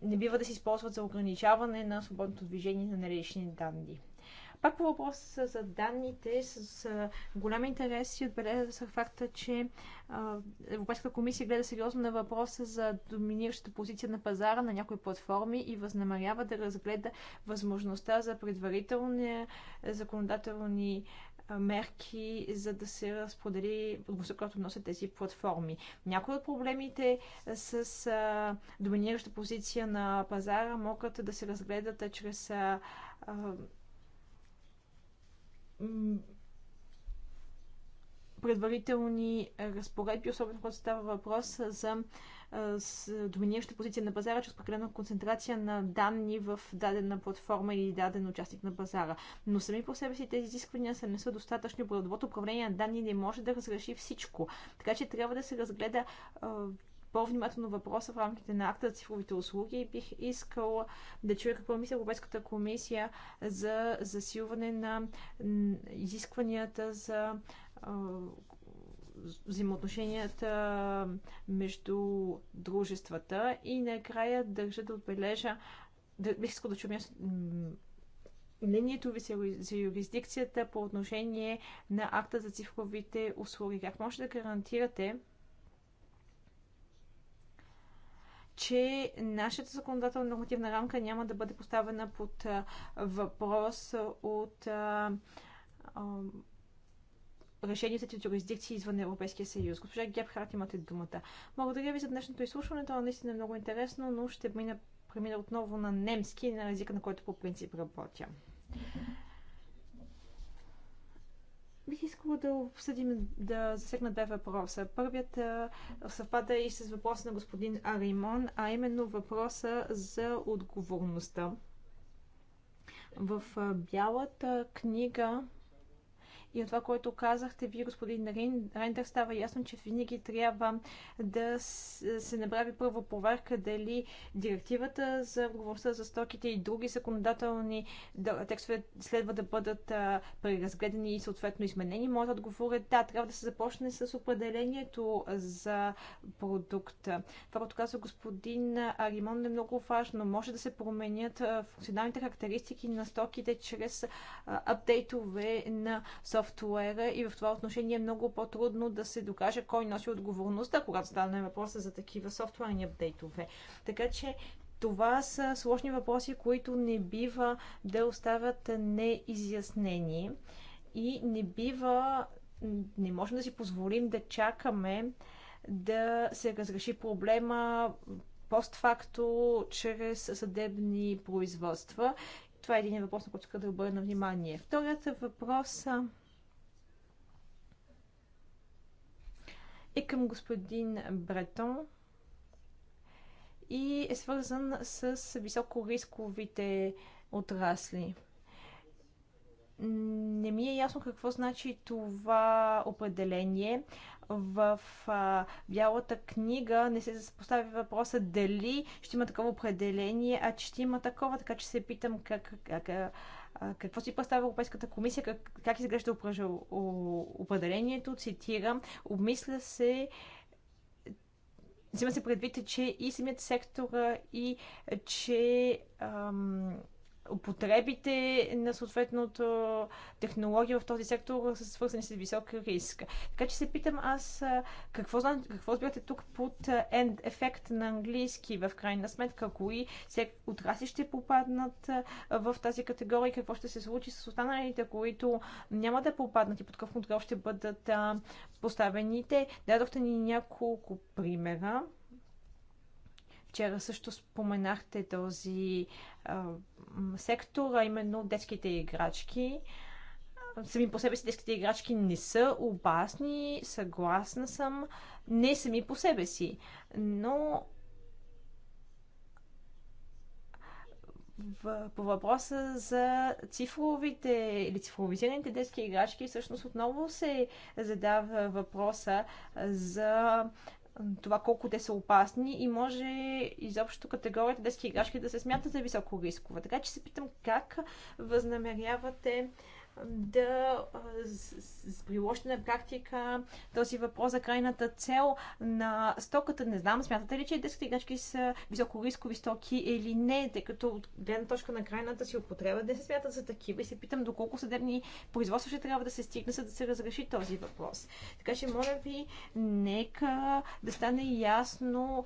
не бива да се използват за ограничаване на свободното движение на налични данни. Пак по въпрос за данните, с голям интерес и се факта, че Европейската комисия гледа сериозно на въпроса за доминиращата позиция на пазара на някои платформи и възнамерява да разгледа възможността за предварителни законодателни мерки, за да се разподели отговорността, която носят тези платформи. Някои от проблемите с а, доминираща позиция на пазара могат да се разгледат а, чрез а, предварителни разпоредби, особено когато става въпрос за доминираща позиция на пазара чрез прекалена концентрация на данни в дадена платформа или даден участник на пазара. Но сами по себе си тези изисквания са не са достатъчни. Продовото управление на данни не може да разреши всичко. Така че трябва да се разгледа по-внимателно въпроса в рамките на акта за цифровите услуги и бих искала да чуя какво мисли Европейската комисия за засилване на изискванията за взаимоотношенията между дружествата и накрая държа да отбележа да, бих искала да чуя мнението ви за юрисдикцията по отношение на акта за цифровите услуги. Как може да гарантирате, че нашата законодателна нормативна рамка няма да бъде поставена под въпрос от решенията от юрисдикции извън Европейския съюз. Госпожа Гебхарт, имате думата. Благодаря ви за днешното изслушване. Това наистина е много интересно, но ще премина отново на немски, на езика, на който по принцип работя. Бих искала да обсъдим, да засегна две въпроса. Първият съвпада и с въпроса на господин Аримон, а именно въпроса за отговорността. В бялата книга и от това, което казахте вие, господин Рендер, става ясно, че винаги трябва да се направи първо проверка дали директивата за отговорността за стоките и други законодателни текстове следва да бъдат преразгледани и съответно изменени. Моят отговор е да, трябва да се започне с определението за продукта. Това, което казва господин Аримон, е много важно. Може да се променят функционалните характеристики на стоките чрез апдейтове на софтуер софтуера и в това отношение е много по-трудно да се докаже кой носи отговорността, когато стане въпроса за такива софтуерни апдейтове. Така че това са сложни въпроси, които не бива да остават неизяснени и не бива, не можем да си позволим да чакаме да се разреши проблема постфакто, чрез съдебни производства. Това е един въпрос, на който иска да обърна внимание. Вторият въпрос И е към господин Бретон и е свързан с високорисковите отрасли. Не ми е ясно какво значи това определение. В а, Бялата книга не се поставя въпроса дали ще има такова определение, а че ще има такова, така че се питам как, как, какво си представя Европейската комисия, как, как изглежда определението, цитирам, обмисля се взима се предвид, че и самият сектор, и че ам, употребите на съответното технология в този сектор са свързани с висок риск. Така че се питам аз какво, знам, какво разбирате тук под end ефект на английски в крайна сметка, кои отрасли ще попаднат в тази категория и какво ще се случи с останалите, които няма да попаднат и под какъв контрол ще бъдат поставените. Дадохте ни няколко примера. Вчера също споменахте този а, сектор, а именно детските играчки. Сами по себе си детските играчки не са опасни, съгласна съм, не сами по себе си, но в, по въпроса за цифровите или цифровизираните детски играчки, всъщност отново се задава въпроса за това колко те са опасни и може изобщо категорията детски играчки да се смята за високо рискова. Така че се питам как възнамерявате да с на практика този въпрос за крайната цел на стоката. Не знам, смятате ли, че детските играчки са високорискови стоки или не, тъй като от гледна точка на крайната си употреба не се смятат за такива и се питам доколко съдебни производства ще трябва да се стигне, за да се разреши този въпрос. Така че, моля ви, нека да стане ясно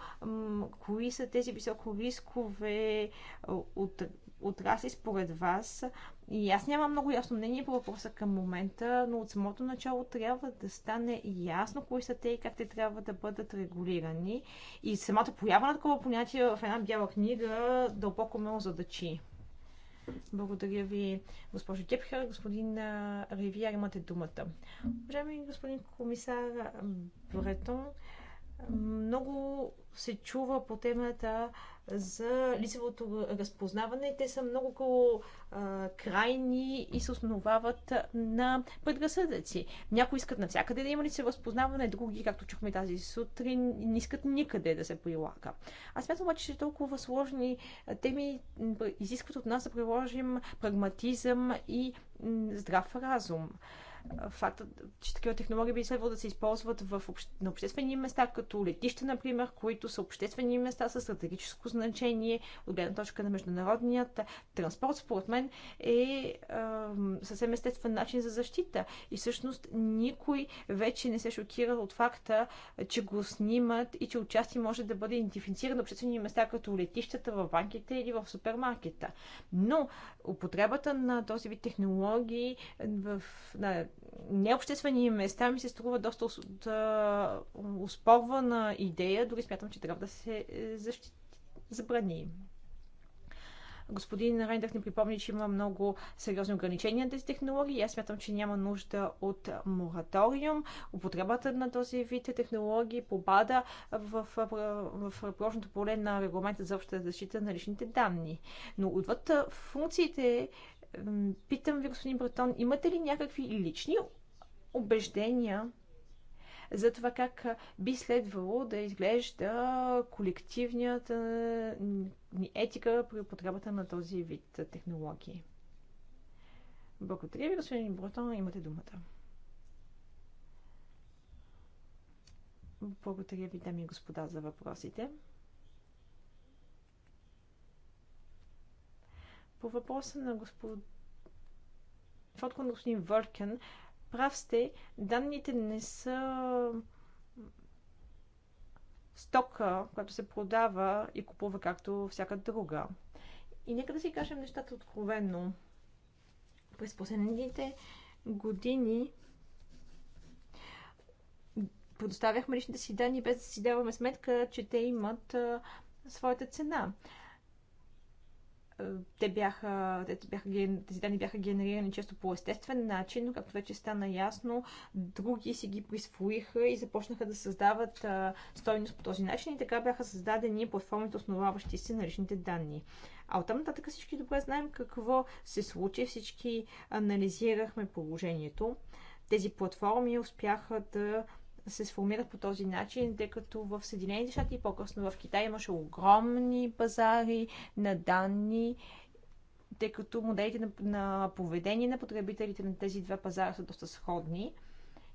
кои са тези високорискове от отрасли според вас? И аз нямам много ясно мнение по въпроса към момента, но от самото начало трябва да стане ясно кои са те и как те трябва да бъдат регулирани. И самата поява на такова понятие в една бяла книга дълбоко ме озадачи. Благодаря ви, госпожо Кепхер. Господин Ривиер, имате думата. Уважаеми господин комисар Бретон, много се чува по темата за лицевото разпознаване. Те са много а, крайни и се основават на предразсъдъци. Някои искат навсякъде да има лицево разпознаване, други, както чухме тази сутрин, не искат никъде да се прилага. Аз смятам обаче, че толкова сложни теми изискват от нас да приложим прагматизъм и здрав разум фактът, че такива технологии би следвало да се използват в обще... на обществени места, като летища, например, които са обществени места с стратегическо значение от гледна точка на международният транспорт, според мен е а, съвсем естествен начин за защита. И всъщност никой вече не се шокира от факта, че го снимат и че отчасти може да бъде идентифициран на обществени места, като летищата, в банките или в супермаркета. Но употребата на този вид технологии в, на необществени места ми се струва доста да, успорвана идея, дори смятам, че трябва да се е, защити, забрани. Господин Райндърх ни припомни, че има много сериозни ограничения на тези технологии. Аз смятам, че няма нужда от мораториум. Употребата на този вид технологии попада в, в, в приложното поле на регламента за общата защита на личните данни. Но отвъд функциите Питам ви, господин Бретон, имате ли някакви лични убеждения за това как би следвало да изглежда колективният ни етика при употребата на този вид технологии? Благодаря ви, господин Бретон, имате думата. Благодаря ви, дами и господа, за въпросите. По въпроса на господин... на господин Въркен, прав сте, данните не са стока, която се продава и купува както всяка друга. И нека да си кажем нещата откровенно. През последните години предоставяхме личните си данни без да си даваме сметка, че те имат а, своята цена те бяха, те бяха, тези данни бяха генерирани често по естествен начин, но както вече стана ясно, други си ги присвоиха и започнаха да създават а, стойност по този начин и така бяха създадени платформите, основаващи се на личните данни. А оттам нататък всички добре знаем какво се случи, всички анализирахме положението. Тези платформи успяха да се сформират по този начин, тъй като в Съединените щати и по-късно в Китай имаше огромни пазари на данни, тъй като моделите на, на поведение на потребителите на тези два пазара са доста сходни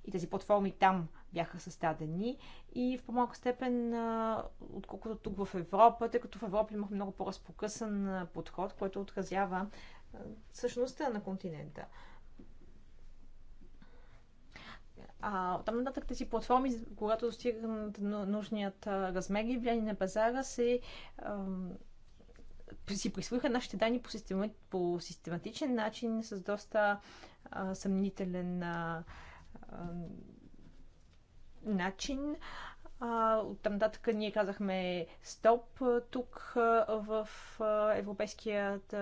и тези платформи там бяха създадени и в по-малка степен, отколкото тук в Европа, тъй като в Европа имахме много по-разпокъсан подход, който отразява същността на континента. А оттам нататък тези платформи, когато достигнат нужният размер и влияние на пазара, се си присвоиха нашите данни по, система, по систематичен начин с доста а, съмнителен а, а, начин. Оттам нататък ние казахме стоп тук в Европейският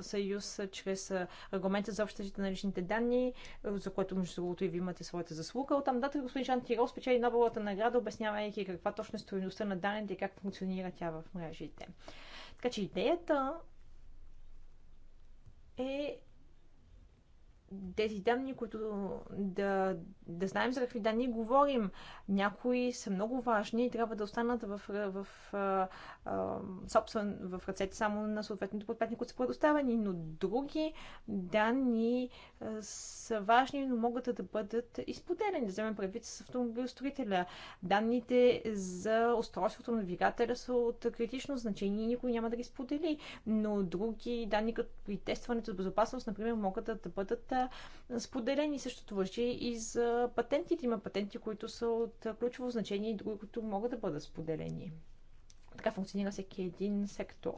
съюз чрез регламента за общата на личните данни, за което между другото и ви имате своята заслуга. Оттам нататък господин Жан Тирол спечели Нобеловата награда, обяснявайки каква точно е стоеността на данните и как функционира тя в мрежите. Така че идеята е тези данни, които да, да знаем за какви данни говорим. Някои са много важни и трябва да останат в, в, в, собствен, в ръцете само на съответното подпятни, които са предоставени, но други данни са важни, но могат да бъдат изподелени. Да вземем предвид с автомобилостроителя. Данните за устройството на двигателя са от критично значение и никой няма да ги сподели, но други данни, като при тестването за безопасност, например, могат да бъдат споделени. Същото въжи и за патентите. Има патенти, които са от ключово значение и други, които могат да бъдат споделени. Така функционира всеки един сектор.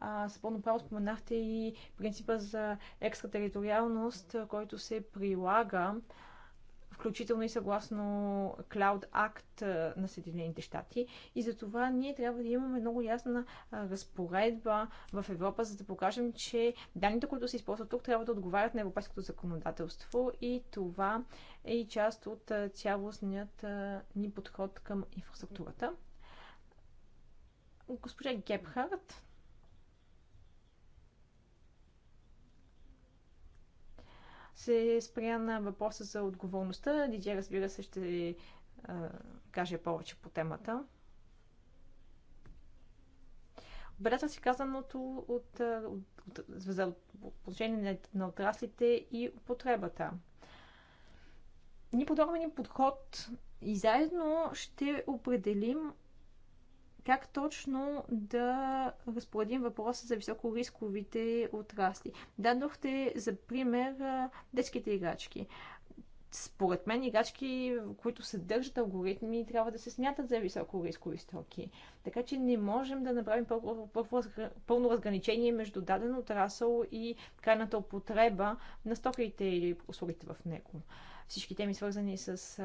А, с пълно право споменахте и принципа за екстратериториалност, който се прилага включително и съгласно Cloud Act на Съединените щати. И за това ние трябва да имаме много ясна разпоредба в Европа, за да покажем, че данните, които се използват тук, трябва да отговарят на европейското законодателство и това е и част от цялостният ни подход към инфраструктурата. Госпожа Гебхарт се спря на въпроса за отговорността. Диджей, разбира се, ще а, каже повече по темата. Обеда си казаното от, от, от, за положение на, на отраслите и употребата. Ни подобен подход и заедно ще определим как точно да разпоредим въпроса за високорисковите отрасли. Дадохте за пример детските играчки. Според мен играчки, които съдържат алгоритми, трябва да се смятат за високорискови стоки. Така че не можем да направим пълно разграничение между даден отрасъл и крайната употреба на стоките или услугите в него. Всички теми, свързани с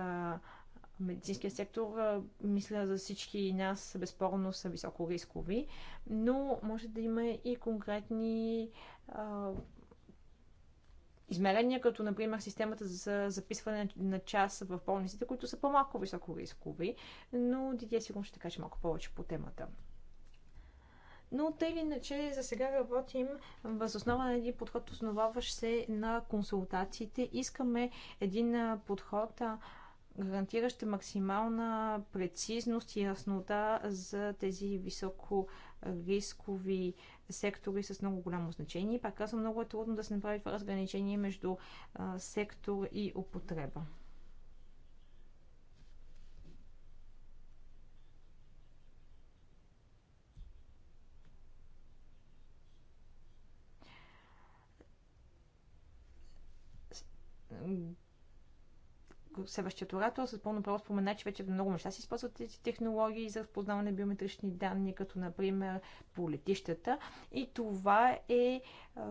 медицинския сектор, мисля за всички нас, безспорно са високо рискови, но може да има и конкретни а, измерения, като например системата за записване на час в болниците, които са по-малко високо рискови, но Дидия сигурно ще каже малко повече по темата. Но тъй или иначе, за сега работим въз основа на един подход, основаващ се на консултациите. Искаме един подход, гарантираща максимална прецизност и яснота за тези високо рискови сектори с много голямо значение. Пак казвам, много е трудно да се направи това разграничение между сектор и употреба. следващият оратор с пълно право спомена, че вече много неща се използват тези технологии за разпознаване на биометрични данни, като например по летищата. И това е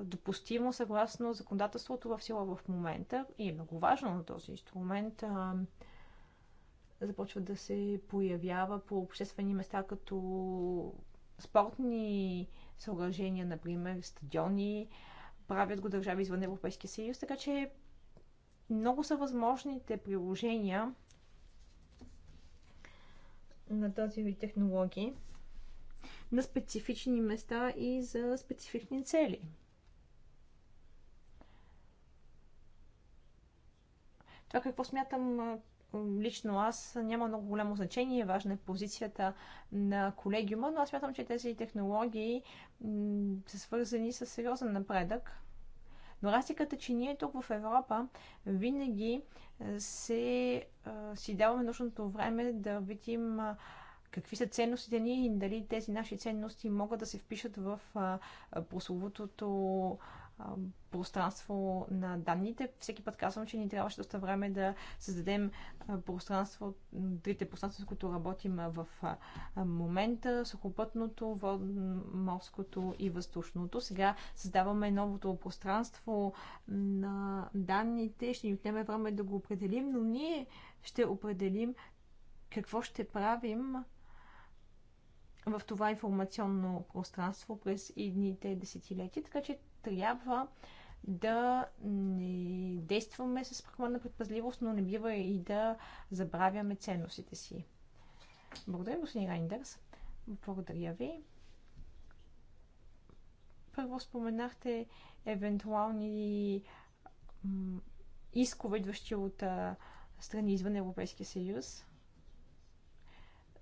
допустимо съгласно законодателството в сила в момента. И е много важно на този инструмент започва да се появява по обществени места като спортни съоръжения, например стадиони, правят го държави извън Европейския съюз, така че много са възможните приложения на този вид технологии на специфични места и за специфични цели. Това какво смятам лично аз няма много голямо значение, важна е позицията на колегиума, но аз смятам, че тези технологии са свързани с сериозен напредък но разликата че ние тук в Европа винаги е, се, е, си даваме нужното време да видим е, какви са ценностите ни и дали тези наши ценности могат да се впишат в прословутото пространство на данните. Всеки път казвам, че ни трябваше доста време да създадем пространство, трите пространства, с които работим в момента, сухопътното, морското и въздушното. Сега създаваме новото пространство на данните. Ще ни отнеме време да го определим, но ние ще определим какво ще правим в това информационно пространство през идните десетилетия. Така че трябва да не действаме с прекомерна предпазливост, но не бива и да забравяме ценностите си. Благодаря, господин Райндърс. Благодаря ви. Първо споменахте евентуални искове, идващи от страни извън Европейския съюз.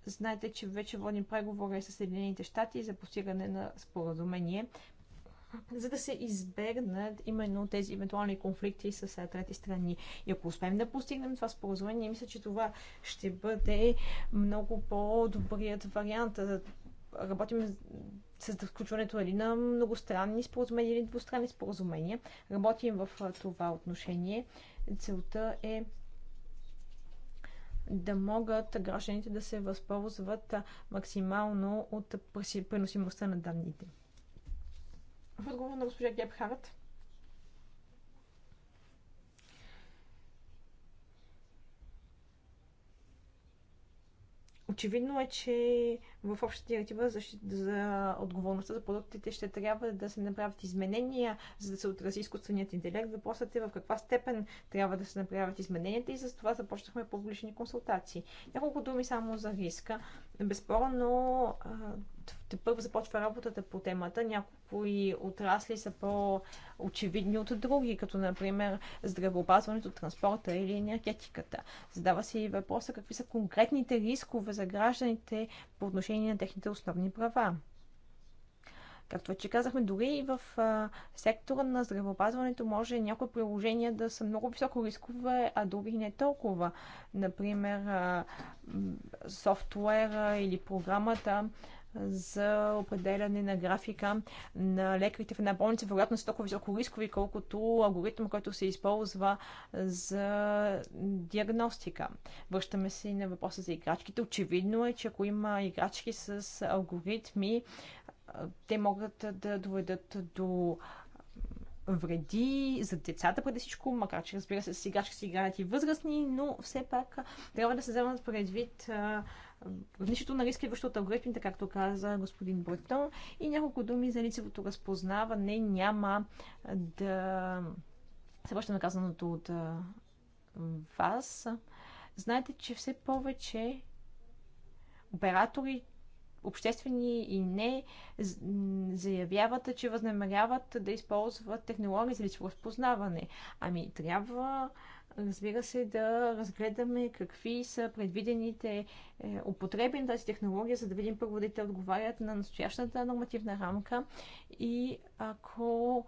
Знаете, че вече водим преговори с Съединените щати за постигане на споразумение за да се избегнат именно тези евентуални конфликти с трети страни. И ако успеем да постигнем това споразумение, мисля, че това ще бъде много по-добрият вариант. Работим с включването или на многостранни споразумения или двустранни споразумения. Работим в това отношение. Целта е да могат гражданите да се възползват максимално от преносимостта на данните. В отговор на госпожа Гебхарт, Очевидно е, че в общата директива за, за отговорността за продуктите ще трябва да се направят изменения, за да се отрази изкуственият интелект. Въпросът е в каква степен трябва да се направят измененията и за това започнахме публични консултации. Няколко думи само за риска. Безспорно, те първо започва работата по темата. Някои отрасли са по-очевидни от други, като например здравеопазването, транспорта или енергетиката. Задава се и въпроса какви са конкретните рискове за гражданите по отношение отношение на техните основни права. Както вече казахме, дори и в а, сектора на здравеопазването може някои приложения да са много високо рискове, а други не толкова. Например, а, софтуера или програмата за определяне на графика на лекарите в една болница, вероятно са толкова рискови, колкото алгоритъм, който се използва за диагностика. Връщаме се и на въпроса за играчките. Очевидно е, че ако има играчки с алгоритми, те могат да доведат до вреди за децата преди всичко, макар че разбира се, сега ще си играят и възрастни, но все пак трябва да се вземат предвид нищото на риски от алгоритмите, както каза господин Бойтон, И няколко думи за лицевото разпознаване няма да се връщаме казаното от вас. Знаете, че все повече оператори обществени и не, заявяват, че възнамеряват да използват технологии за лицево разпознаване. Ами, трябва разбира се, да разгледаме какви са предвидените е, употреби на тази технология, за да видим първо дали те отговарят на настоящата нормативна рамка и ако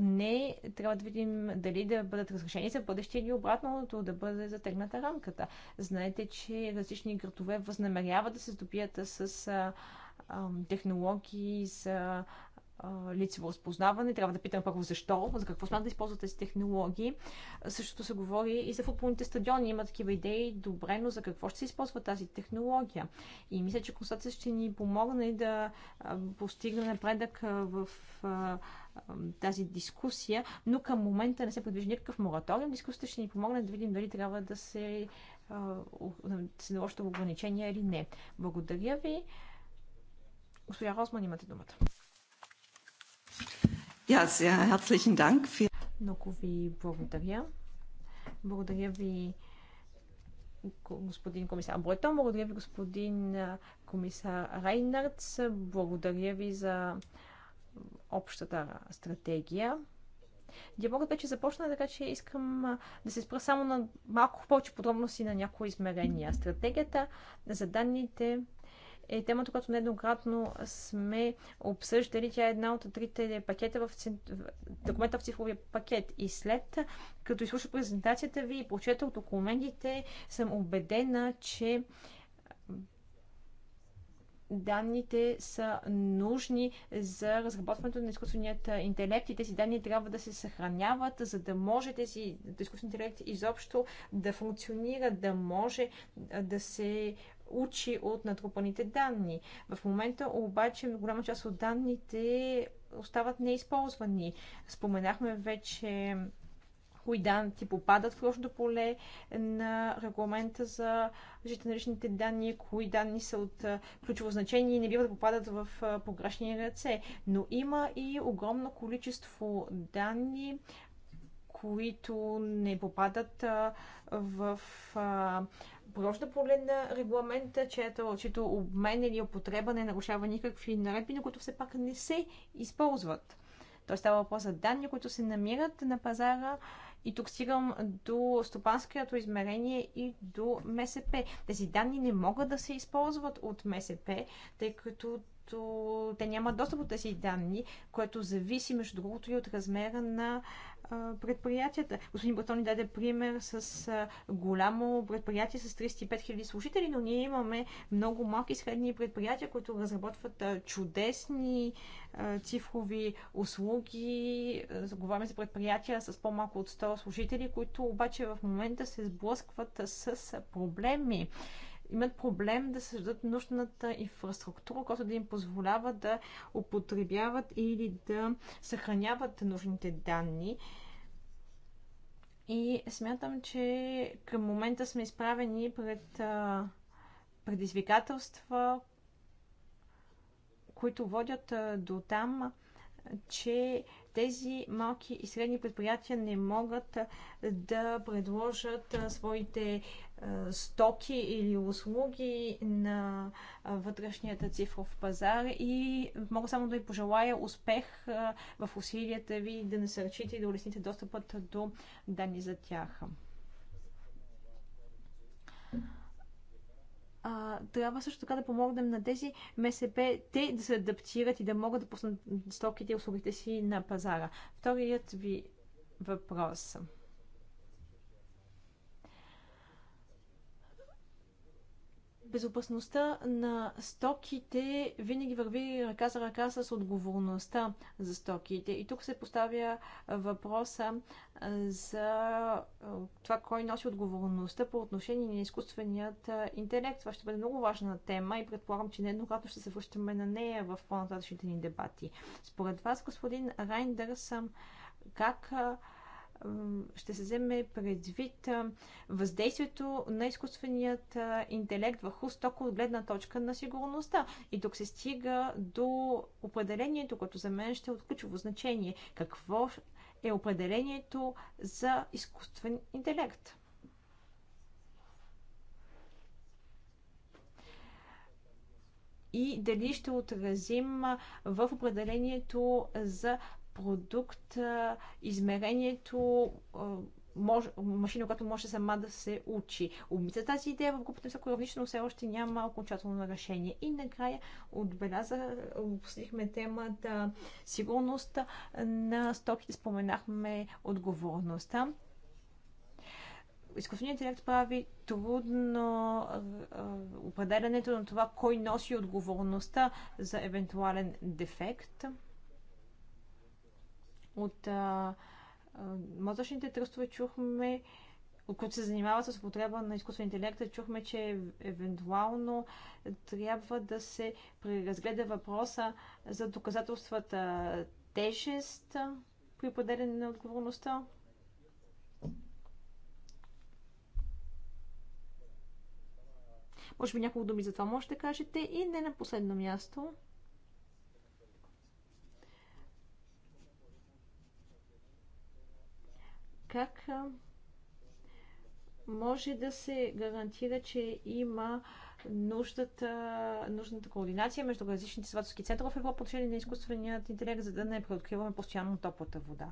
не, трябва да видим дали да бъдат разрешени за бъдеще или обратното, да бъде затегната рамката. Знаете, че различни градове възнамеряват да се здобият с технологии за лицево разпознаване. Трябва да питам първо защо, за какво смятат да използват тези технологии. Същото се говори и за футболните стадиони. Има такива идеи, добре, но за какво ще се използва тази технология? И мисля, че констатацията ще ни помогне нали, да постигне напредък в тази дискусия, но към момента не се предвижда никакъв мораториум. Дискусията ще ни помогне да видим дали трябва да се, се наложи ограничения или не. Благодаря ви. Господин Росман, имате думата. Много ви благодаря. Благодаря ви, господин комисар Бретон, благодаря ви, господин комисар Рейнардс, благодаря ви за общата стратегия. Диалогът вече започна, така че искам да се спра само на малко повече подробности на някои измерения. Стратегията за данните е темата, която нееднократно сме обсъждали. Тя е една от трите пакета в документа в цифровия пакет. И след като изслуша презентацията ви и от документите, съм убедена, че данните са нужни за разработването на изкуственият интелект и тези данни трябва да се съхраняват, за да може тези изкуствен интелект изобщо да функционира, да може да се учи от натрупаните данни. В момента обаче голяма част от данните остават неизползвани. Споменахме вече кои данни попадат в лошото поле на регламента за защита на личните данни, кои данни са от ключово значение и не бива да попадат в погрешни ръце. Но има и огромно количество данни, които не попадат в приложно поле на регламента, чието, чието обмен или употреба не нарушава никакви наредби, но които все пак не се използват. Той става въпрос за данни, които се намират на пазара и тук стигам до стопанското измерение и до МСП. Тези данни не могат да се използват от МСП, тъй като защото те нямат достъп до тези данни, което зависи, между другото, и от размера на предприятията. Господин Батон ни даде пример с голямо предприятие с 35 000 служители, но ние имаме много малки и средни предприятия, които разработват чудесни цифрови услуги. Заговаряме за предприятия с по-малко от 100 служители, които обаче в момента се сблъскват с проблеми имат проблем да създадат нужната инфраструктура, която да им позволява да употребяват или да съхраняват нужните данни. И смятам, че към момента сме изправени пред предизвикателства, които водят до там, че тези малки и средни предприятия не могат да предложат своите стоки или услуги на вътрешният цифров пазар и мога само да ви пожелая успех в усилията ви да насърчите и да улесните достъпът до данни за тях. а, трябва също така да помогнем на тези МСП, те да се адаптират и да могат да пуснат стоките и услугите си на пазара. Вторият ви въпрос. безопасността на стоките винаги върви ръка за ръка с отговорността за стоките. И тук се поставя въпроса за това кой носи отговорността по отношение на изкуственият интелект. Това ще бъде много важна тема и предполагам, че нееднократно ще се връщаме на нея в по-нататъчните ни дебати. Според вас, господин Райндърс, как ще се вземе предвид въздействието на изкуственият интелект върху стока от гледна точка на сигурността. И тук се стига до определението, което за мен ще е от ключово значение. Какво е определението за изкуствен интелект? и дали ще отразим в определението за продукт, измерението, мож, машина, която може сама да се учи. Обмисля тази идея в групата на равнище, но все още няма окончателно решение. И накрая отбеляза, обсъдихме темата сигурност на стоките, споменахме отговорността. Изкуственият интелект прави трудно определянето на това кой носи отговорността за евентуален дефект. От а, мозъчните тръстове чухме, които се занимават с употреба на изкуствен интелект, чухме, че евентуално трябва да се преразгледа въпроса за доказателствата тежест при поделяне на отговорността. Може би няколко думи за това може да кажете. И не на последно място. как може да се гарантира, че има нуждата, нужната координация между различните сватовски центрове в Европа отношение на изкуственият интелект, за да не преоткриваме постоянно топлата вода.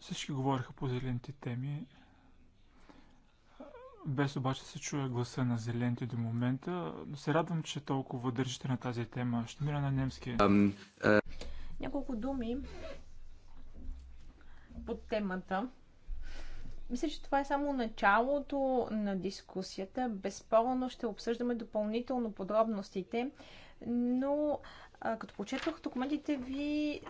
Всички говориха по зелените теми, без обаче се чуя гласа на зелените до момента, но се радвам, че толкова държите на тази тема. Ще мира на немски. Um, uh... Няколко думи по темата. Мисля, че това е само началото на дискусията. Безспорно ще обсъждаме допълнително подробностите, но а, като почетвах документите ви,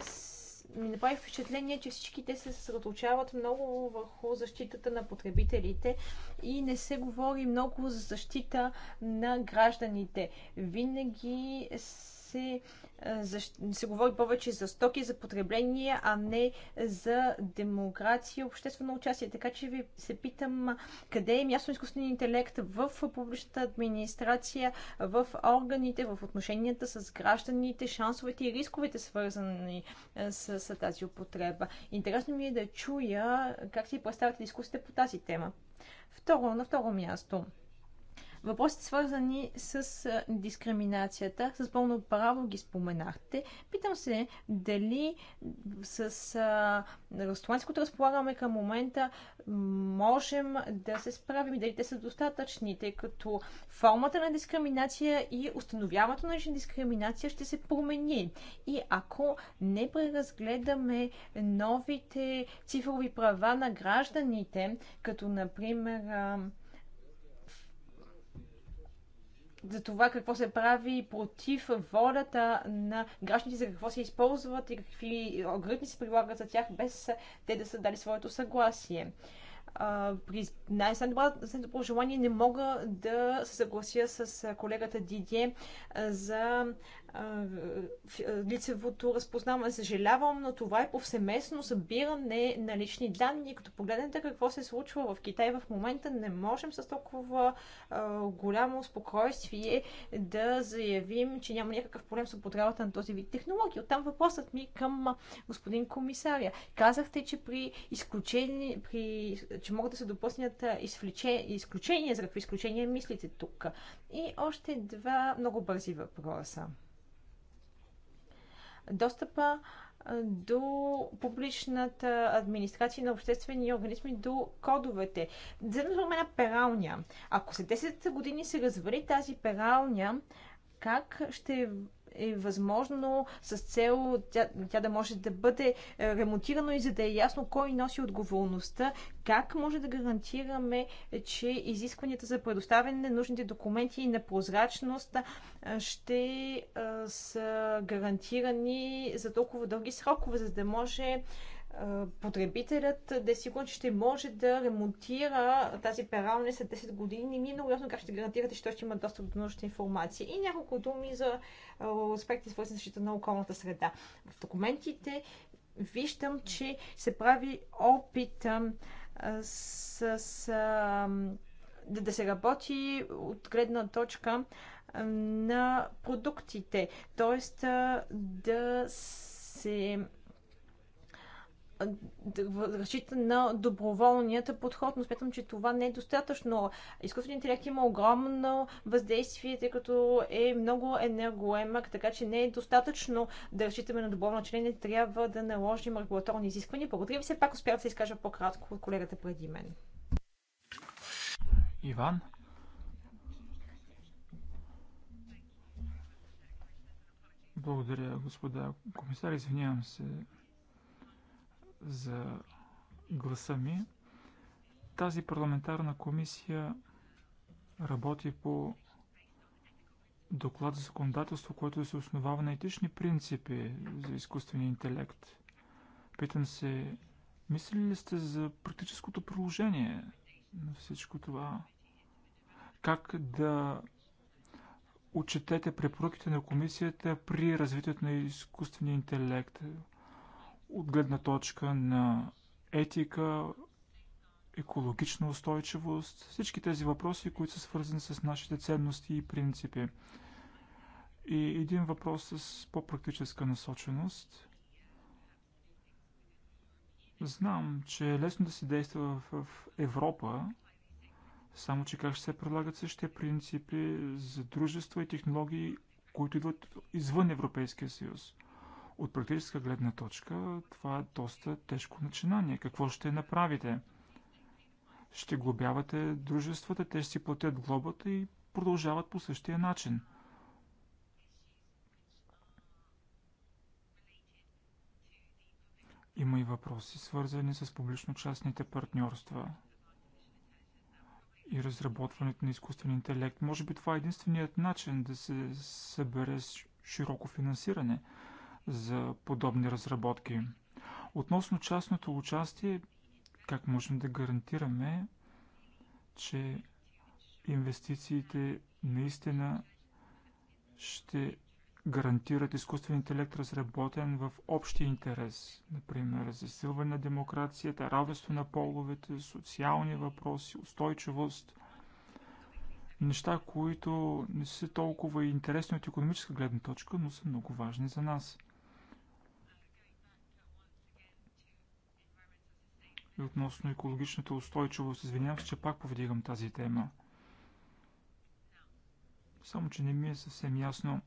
ми направи впечатление, че всички те се съсредоточават много върху защитата на потребителите и не се говори много за защита на гражданите. Винаги с се, за, се говори повече за стоки, за потребление, а не за демокрация, обществено участие. Така че ви се питам къде е място на изкуствения интелект в публичната администрация, в органите, в отношенията с гражданите, шансовете и рисковете, свързани с, с тази употреба. Интересно ми е да чуя как си представяте дискусията по тази тема. Второ, на второ място – Въпросите свързани с дискриминацията, с пълно право ги споменахте. Питам се дали с а, разстоянието, което разполагаме към момента, можем да се справим и дали те са достатъчни, тъй като формата на дискриминация и установяването на дискриминация ще се промени. И ако не преразгледаме новите цифрови права на гражданите, като например за това какво се прави против волята на гражданите, за какво се използват и какви алгоритми се прилагат за тях, без те да са дали своето съгласие. А, при най-добро желание не мога да се съглася с колегата Дидие за лицевото разпознаване. Съжалявам, но това е повсеместно събиране на лични данни. Като погледнете какво се случва в Китай в момента, не можем с толкова а, голямо спокойствие да заявим, че няма някакъв проблем с употребата на този вид технологии. Оттам въпросът ми към господин комисаря. Казахте, че при изключение, при, че могат да се допуснат изключения, за какви изключения мислите тук? И още два много бързи въпроса достъпа до публичната администрация на обществени организми, до кодовете. За да на пералня. Ако след 10 години се развали тази пералня, как ще е възможно с цел тя, тя да може да бъде е, ремонтирано и за да е ясно кой носи отговорността, как може да гарантираме, че изискванията за предоставяне на нужните документи и на прозрачност е, ще е, са гарантирани за толкова дълги срокове, за да може потребителят да е сигурен, че ще може да ремонтира тази пералня след 10 години. Ми е много ясно как ще гарантирате, че той ще има достъп до нужната информация. И няколко думи за аспекти, свързани с защита на околната среда. В документите виждам, че се прави опит а, с, с а, да, да се работи от гледна точка а, на продуктите. Тоест да се разчита на доброволният подход, но смятам, че това не е достатъчно. Изкуственият интелект има огромно въздействие, тъй като е много енергоемък, така че не е достатъчно да разчитаме на доброволно члене, трябва да наложим регулаторни изисквания. Благодаря ви, все пак успях да се изкажа по-кратко от колегата преди мен. Иван? Благодаря, господа комисар. Извинявам се за гласа ми. Тази парламентарна комисия работи по доклад за законодателство, което се основава на етични принципи за изкуствения интелект. Питам се, мислили ли сте за практическото приложение на всичко това? Как да учетете препоръките на комисията при развитието на изкуствения интелект? от гледна точка на етика, екологична устойчивост, всички тези въпроси, които са свързани с нашите ценности и принципи. И един въпрос с по-практическа насоченост. Знам, че е лесно да се действа в Европа, само че как ще се прилагат същите принципи за дружества и технологии, които идват извън Европейския съюз. От практическа гледна точка това е доста тежко начинание. Какво ще направите? Ще глобявате дружествата, те ще си платят глобата и продължават по същия начин. Има и въпроси, свързани с публично-частните партньорства и разработването на изкуствен интелект. Може би това е единственият начин да се събере широко финансиране – за подобни разработки. Относно частното участие, как можем да гарантираме, че инвестициите наистина ще гарантират изкуствен интелект, разработен в общи интерес, например засилване на демокрацията, равенство на половете, социални въпроси, устойчивост, неща, които не са толкова интересни от економическа гледна точка, но са много важни за нас – и относно екологичната устойчивост. Извинявам се, че пак повдигам тази тема. Само, че не ми е съвсем ясно.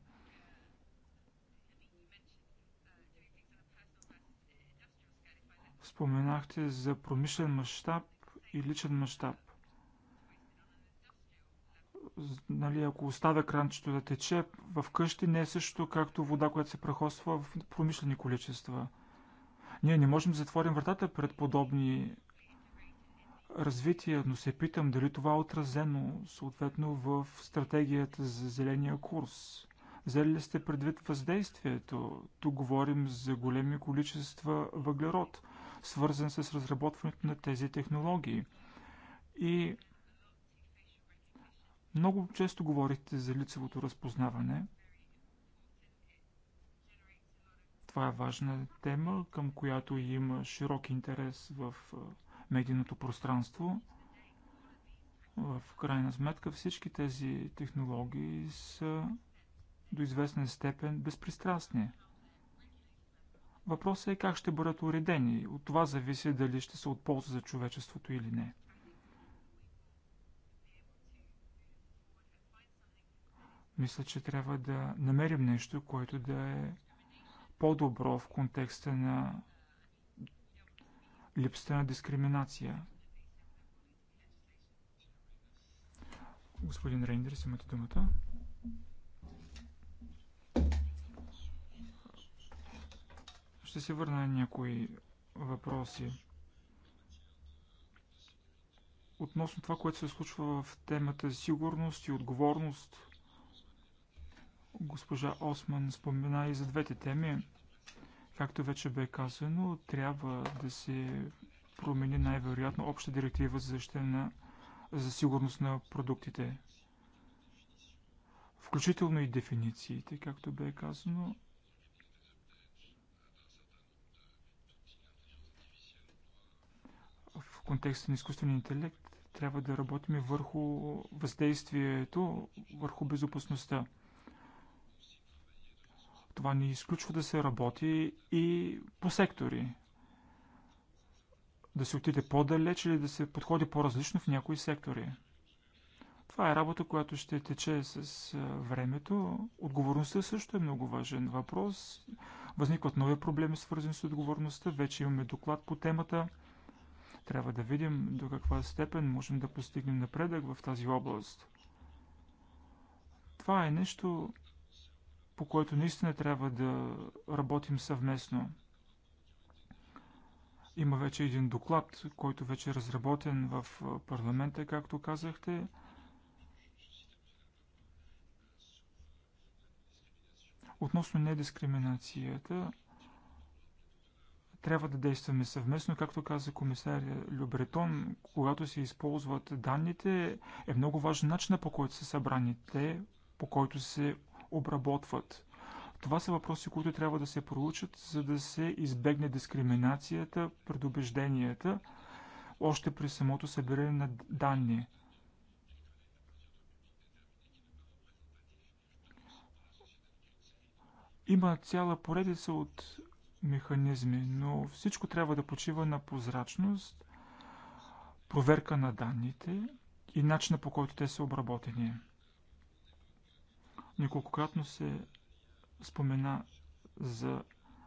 Споменахте за промишлен мащаб и личен мащаб. Нали, ако оставя кранчето да тече в къщи, не е също както вода, която се прахосва в промишлени количества – ние не можем да затворим вратата пред подобни развития, но се питам дали това е отразено съответно в стратегията за зеления курс. Взели ли сте предвид въздействието? Тук говорим за големи количества въглерод, свързан с разработването на тези технологии. И много често говорите за лицевото разпознаване – Това е важна тема, към която има широк интерес в медийното пространство. В крайна сметка всички тези технологии са до известна степен безпристрастни. Въпросът е как ще бъдат уредени. От това зависи дали ще се от полза за човечеството или не. Мисля, че трябва да намерим нещо, което да е по-добро в контекста на липсата на дискриминация. Господин Рейндерс, имате думата. Ще се върна на някои въпроси. Относно това, което се случва в темата сигурност и отговорност, госпожа Осман спомена и за двете теми. Както вече бе казано, трябва да се промени най-вероятно обща директива за защита на, за сигурност на продуктите. Включително и дефинициите, както бе казано. В контекста на изкуствения интелект трябва да работим върху въздействието върху безопасността. Това ни изключва да се работи и по сектори. Да се отиде по-далеч или да се подходи по-различно в някои сектори. Това е работа, която ще тече с времето. Отговорността също е много важен въпрос. Възникват нови проблеми, свързани с отговорността. Вече имаме доклад по темата. Трябва да видим до каква степен можем да постигнем напредък в тази област. Това е нещо, по който наистина трябва да работим съвместно. Има вече един доклад, който вече е разработен в парламента, както казахте. Относно недискриминацията, трябва да действаме съвместно, както каза комисаря Любретон, когато се използват данните, е много важен начинът по който са събрани те, по който се обработват. Това са въпроси, които трябва да се проучат, за да се избегне дискриминацията, предубежденията, още при самото събиране на данни. Има цяла поредица от механизми, но всичко трябва да почива на прозрачност, проверка на данните и начина по който те са обработени. Неколкократно се спомена за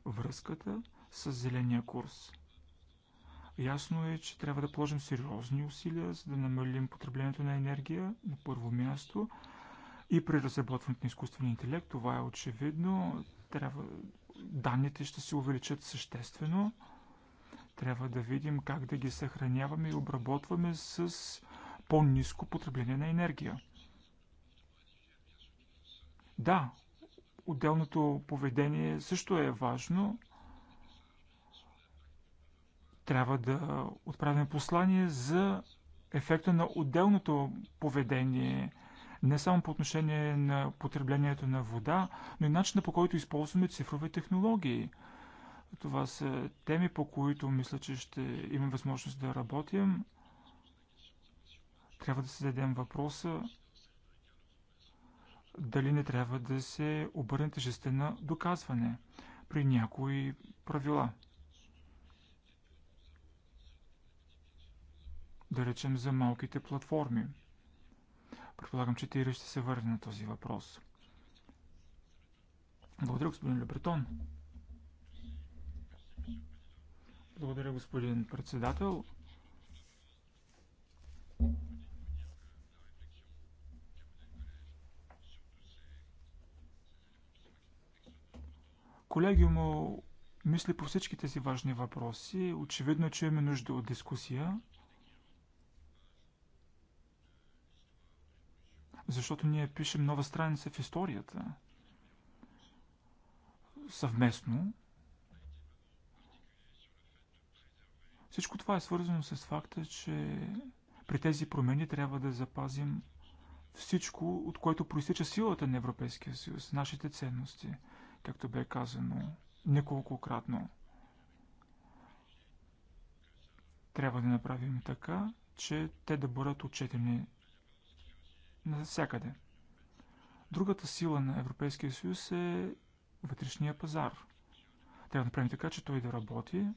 връзката с зеления курс. Ясно е, че трябва да положим сериозни усилия, за да намалим потреблението на енергия на първо място и при разработването на изкуствения интелект. Това е очевидно. Трябва... Данните ще се увеличат съществено. Трябва да видим как да ги съхраняваме и обработваме с по-низко потребление на енергия. Да, отделното поведение също е важно. Трябва да отправим послание за ефекта на отделното поведение, не само по отношение на потреблението на вода, но и начина по който използваме цифрови технологии. Това са теми, по които мисля, че ще имам възможност да работим. Трябва да се зададем въпроса дали не трябва да се обърне тежестта на доказване при някои правила. Да речем за малките платформи. Предполагам, че Тири ще се върне на този въпрос. Благодаря, господин Лебретон. Благодаря, господин председател. Колегиумо мисли по всички тези важни въпроси. Очевидно, че имаме нужда от дискусия. Защото ние пишем нова страница в историята. Съвместно. Всичко това е свързано с факта, че при тези промени трябва да запазим всичко, от което проистича силата на Европейския съюз, нашите ценности – както бе казано неколкократно. Трябва да направим така, че те да бъдат отчетени навсякъде. Другата сила на Европейския съюз е вътрешния пазар. Трябва да направим така, че той да работи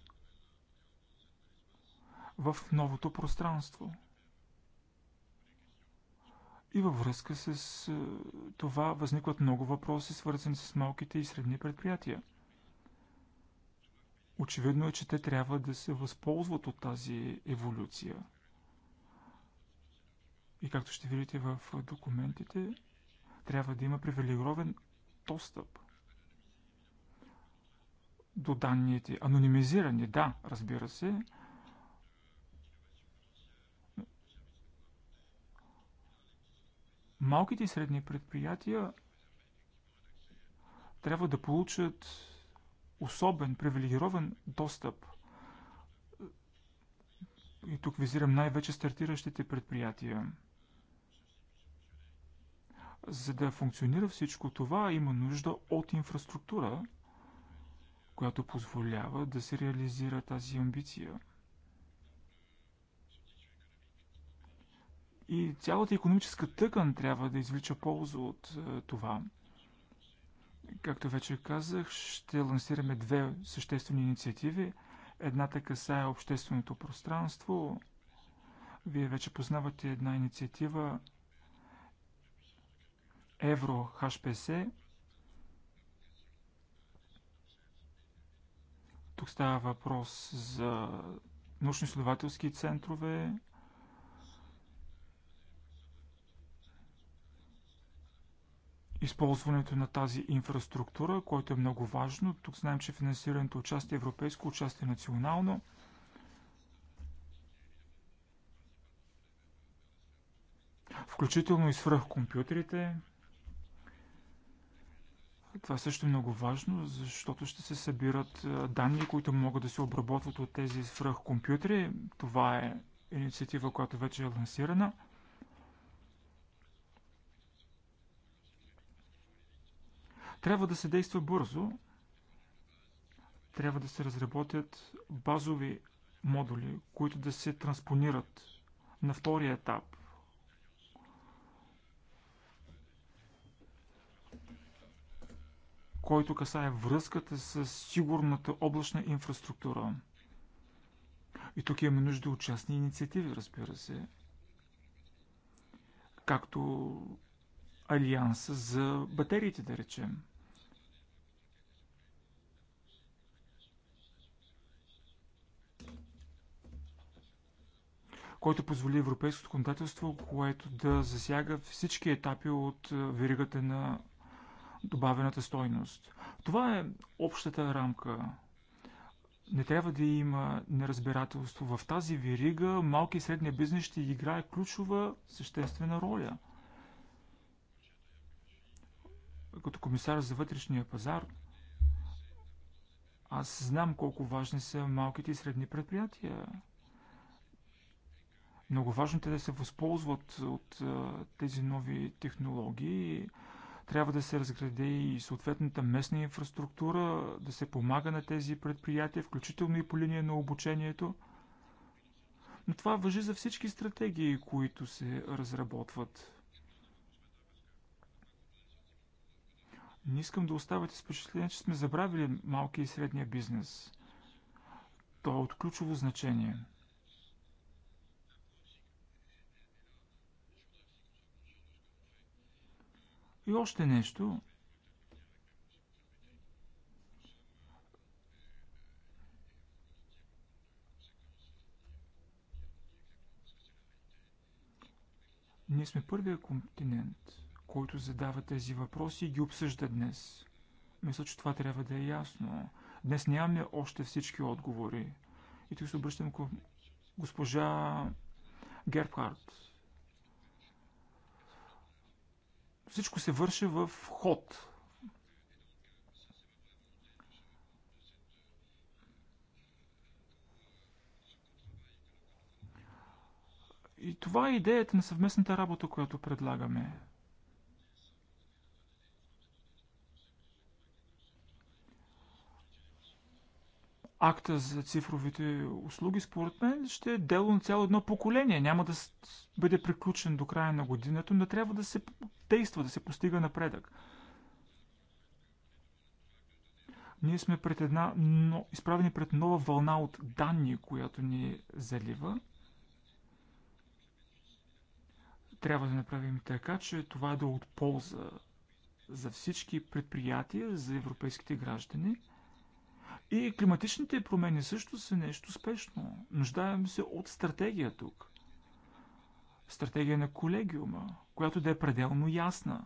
в новото пространство – и във връзка с е, това възникват много въпроси, свързани с малките и средни предприятия. Очевидно е, че те трябва да се възползват от тази еволюция. И както ще видите в документите, трябва да има привилегирован достъп до данните. Анонимизирани, да, разбира се, Малките и средни предприятия трябва да получат особен, привилегирован достъп. И тук визирам най-вече стартиращите предприятия. За да функционира всичко това, има нужда от инфраструктура, която позволява да се реализира тази амбиция. И цялата економическа тъкан трябва да извлича полза от е, това. Както вече казах, ще лансираме две съществени инициативи. Едната касае общественото пространство. Вие вече познавате една инициатива Евро HPC. Тук става въпрос за научно-изследователски центрове, използването на тази инфраструктура, което е много важно. Тук знаем, че финансирането участие европейско, участие национално. Включително и свръхкомпютрите. Това също е много важно, защото ще се събират данни, които могат да се обработват от тези свръхкомпютри. Това е инициатива, която вече е лансирана – Трябва да се действа бързо, трябва да се разработят базови модули, които да се транспонират на втория етап. който касае връзката с сигурната облачна инфраструктура. И тук имаме нужда от частни инициативи, разбира се, както Алианса за батериите, да речем. който позволи европейското законодателство, което да засяга всички етапи от е, веригата на добавената стойност. Това е общата рамка. Не трябва да има неразбирателство. В тази верига малки и средния бизнес ще играе ключова съществена роля. Като комисар за вътрешния пазар, аз знам колко важни са малките и средни предприятия много важно те да се възползват от тези нови технологии. Трябва да се разгради и съответната местна инфраструктура, да се помага на тези предприятия, включително и по линия на обучението. Но това въжи за всички стратегии, които се разработват. Не искам да оставате с впечатление, че сме забравили малкия и средния бизнес. То е от ключово значение – И още нещо. Ние сме първия континент, който задава тези въпроси и ги обсъжда днес. Мисля, че това трябва да е ясно. Днес нямаме още всички отговори. И тук се обръщам към госпожа Гербхарт. всичко се върши в ход. И това е идеята на съвместната работа, която предлагаме. акта за цифровите услуги, според мен, ще е дело на цяло едно поколение. Няма да бъде приключен до края на годината, но трябва да се действа, да се постига напредък. Ние сме пред една, но, изправени пред нова вълна от данни, която ни залива. Трябва да направим така, че това да е от полза за всички предприятия, за европейските граждани – и климатичните промени също са нещо спешно. Нуждаем се от стратегия тук. Стратегия на колегиума, която да е пределно ясна.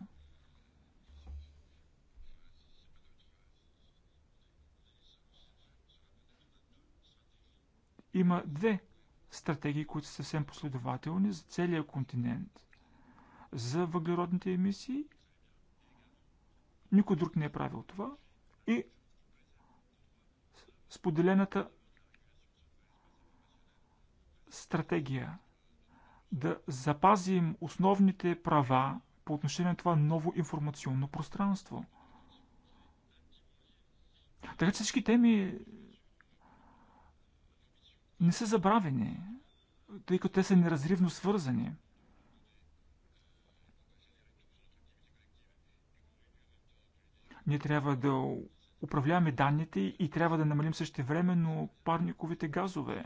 Има две стратегии, които са съвсем последователни за целия континент. За въглеродните емисии. Никой друг не е правил това. И споделената стратегия. Да запазим основните права по отношение на това ново информационно пространство. Така че всички теми не са забравени, тъй като те са неразривно свързани. Ние трябва да управляваме данните и трябва да намалим също времено парниковите газове.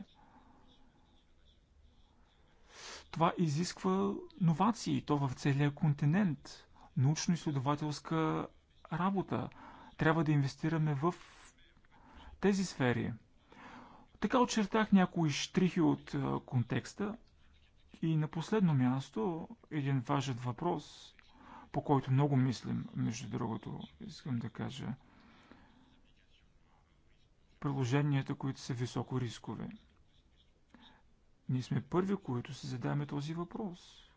Това изисква новации, то в целия континент, научно-изследователска работа. Трябва да инвестираме в тези сфери. Така очертах някои штрихи от контекста. И на последно място, един важен въпрос, по който много мислим, между другото, искам да кажа – приложенията, които са високо рискове. Ние сме първи, които се задаваме този въпрос.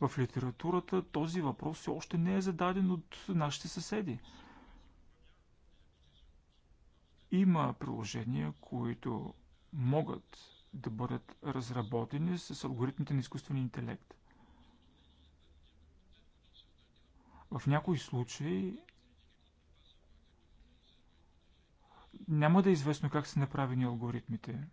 В литературата този въпрос все още не е зададен от нашите съседи. Има приложения, които могат да бъдат разработени с алгоритмите на изкуствения интелект. В някои случаи няма да е известно как са направени алгоритмите.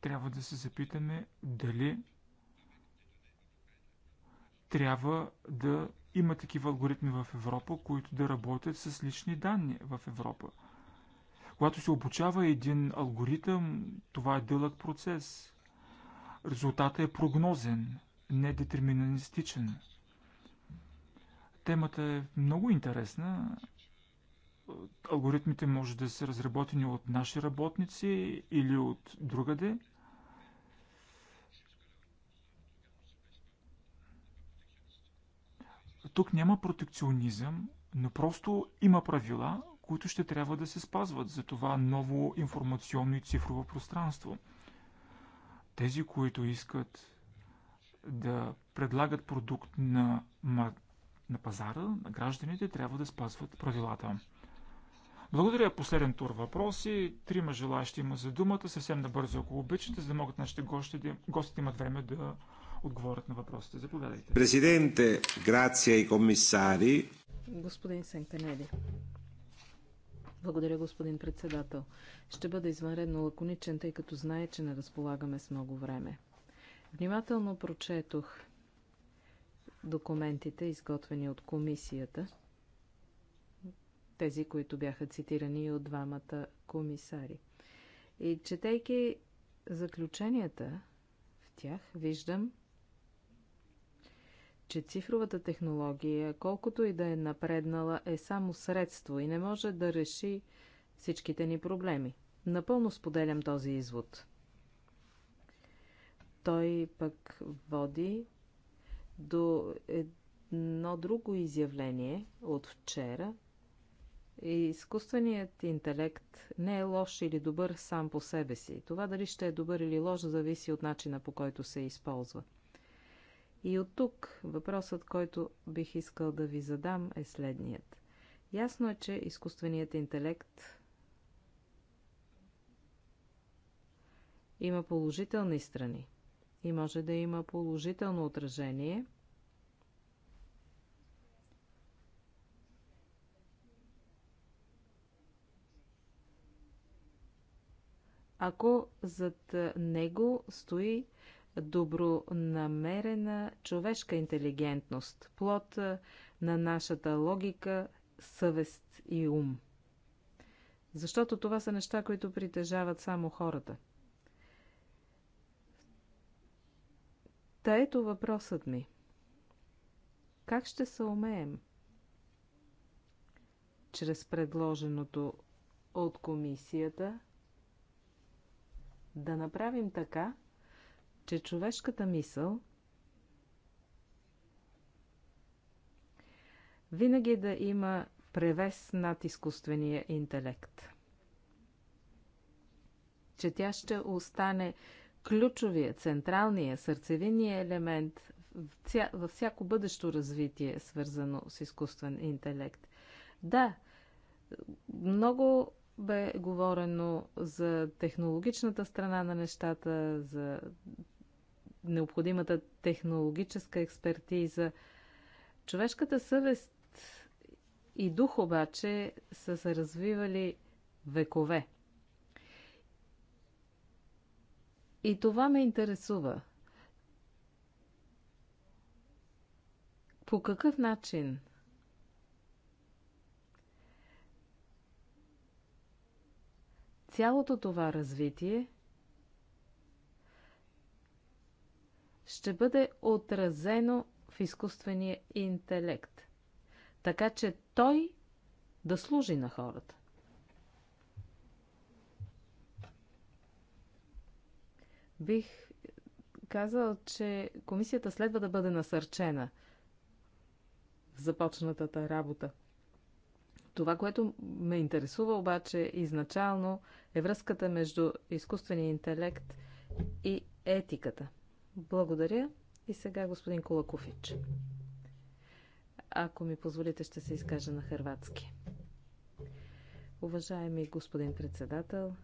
Трябва да се запитаме дали трябва да има такива алгоритми в Европа, които да работят с лични данни в Европа. Когато се обучава един алгоритъм, това е дълъг процес. Резултатът е прогнозен, не детерминистичен. Темата е много интересна. Алгоритмите може да са разработени от наши работници или от другаде. Тук няма протекционизъм, но просто има правила, които ще трябва да се спазват за това ново информационно и цифрово пространство – тези, които искат да предлагат продукт на, на пазара, на гражданите, трябва да спазват правилата. Благодаря. Последен тур въпроси. Трима желаящи има за думата. Съвсем набързо, ако обичате, за да могат нашите гости, гостите имат време да отговорят на въпросите. Заповядайте. Президенте, грация и комисари. Господин Сенкенеди, благодаря, господин председател. Ще бъда извънредно лаконичен, тъй като знае, че не разполагаме с много време. Внимателно прочетох документите, изготвени от комисията, тези, които бяха цитирани от двамата комисари. И четейки заключенията в тях, виждам, че цифровата технология, колкото и да е напреднала, е само средство и не може да реши всичките ни проблеми. Напълно споделям този извод. Той пък води до едно друго изявление от вчера. Изкуственият интелект не е лош или добър сам по себе си. Това дали ще е добър или лош, зависи от начина по който се използва. И от тук въпросът, който бих искал да ви задам е следният. Ясно е, че изкуственият интелект има положителни страни и може да има положително отражение – ако зад него стои добронамерена човешка интелигентност, плод на нашата логика, съвест и ум. Защото това са неща, които притежават само хората. Та ето въпросът ми. Как ще се умеем чрез предложеното от комисията да направим така, че човешката мисъл винаги да има превес над изкуствения интелект. Че тя ще остане ключовия, централния, сърцевинния елемент във всяко бъдещо развитие, свързано с изкуствен интелект. Да, много бе говорено за технологичната страна на нещата, за необходимата технологическа експертиза. Човешката съвест и дух обаче са се развивали векове. И това ме интересува. По какъв начин цялото това развитие ще бъде отразено в изкуствения интелект, така че той да служи на хората. Бих казал, че комисията следва да бъде насърчена в започнатата работа. Това, което ме интересува обаче изначално е връзката между изкуствения интелект и етиката – благодаря. И сега господин Колакович. Ако ми позволите, ще се изкажа на хърватски. Уважаеми господин председател,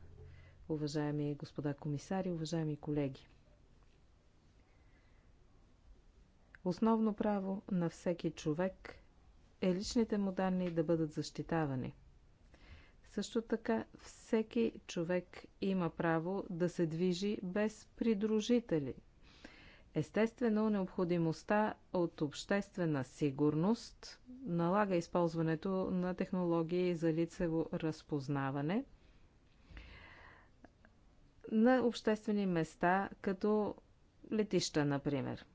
уважаеми господа комисари, уважаеми колеги. Основно право на всеки човек е личните му данни да бъдат защитавани. Също така, всеки човек има право да се движи без придружители, Естествено, необходимостта от обществена сигурност налага използването на технологии за лицево разпознаване на обществени места, като летища, например.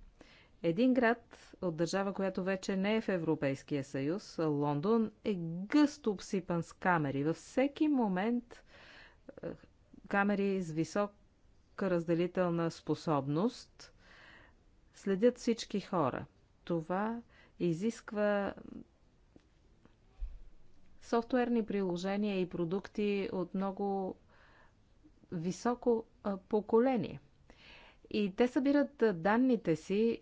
Един град от държава, която вече не е в Европейския съюз, Лондон, е гъсто обсипан с камери. Във всеки момент е, камери с висока разделителна способност – следят всички хора. Това изисква софтуерни приложения и продукти от много високо поколение. И те събират данните си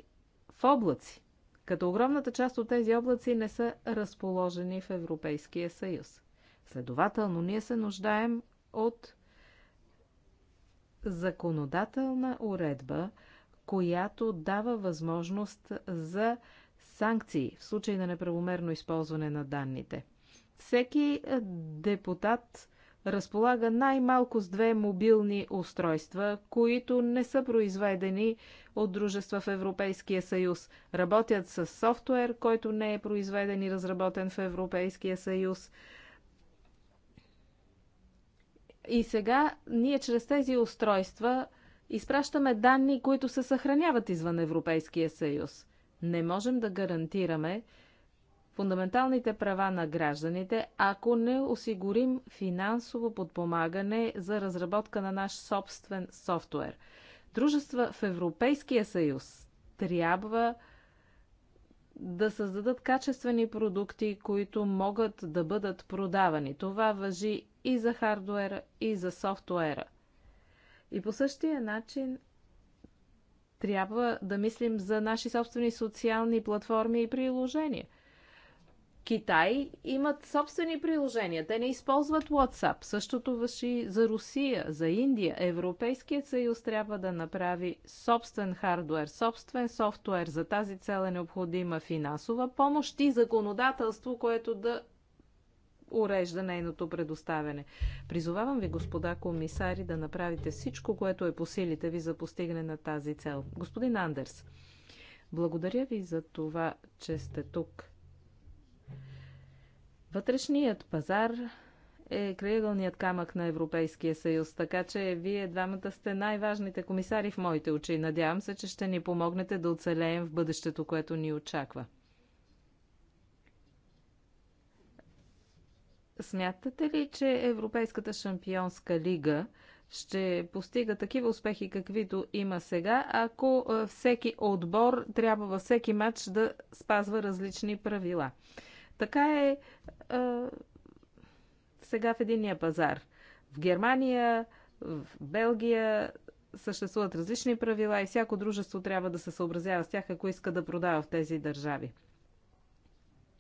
в облаци, като огромната част от тези облаци не са разположени в Европейския съюз. Следователно, ние се нуждаем от законодателна уредба, която дава възможност за санкции в случай на неправомерно използване на данните. Всеки е, депутат разполага най-малко с две мобилни устройства, които не са произведени от дружества в Европейския съюз. Работят с софтуер, който не е произведен и разработен в Европейския съюз. И сега ние чрез тези устройства изпращаме данни, които се съхраняват извън Европейския съюз. Не можем да гарантираме фундаменталните права на гражданите, ако не осигурим финансово подпомагане за разработка на наш собствен софтуер. Дружества в Европейския съюз трябва да създадат качествени продукти, които могат да бъдат продавани. Това въжи и за хардуера, и за софтуера. И по същия начин трябва да мислим за наши собствени социални платформи и приложения. Китай имат собствени приложения. Те не използват WhatsApp. Същото въжи за Русия, за Индия. Европейският съюз трябва да направи собствен хардуер, собствен софтуер. За тази цел е необходима финансова помощ и законодателство, което да урежда нейното предоставяне. Призовавам ви, господа комисари, да направите всичко, което е по силите ви за постигане на тази цел. Господин Андерс, благодаря ви за това, че сте тук. Вътрешният пазар е крайъгълният камък на Европейския съюз, така че вие двамата сте най-важните комисари в моите очи. Надявам се, че ще ни помогнете да оцелеем в бъдещето, което ни очаква. Смятате ли, че Европейската шампионска лига ще постига такива успехи, каквито има сега, ако е, всеки отбор трябва във всеки матч да спазва различни правила? Така е а, е, сега в единния пазар. В Германия, в Белгия съществуват различни правила и всяко дружество трябва да се съобразява с тях, ако иска да продава в тези държави.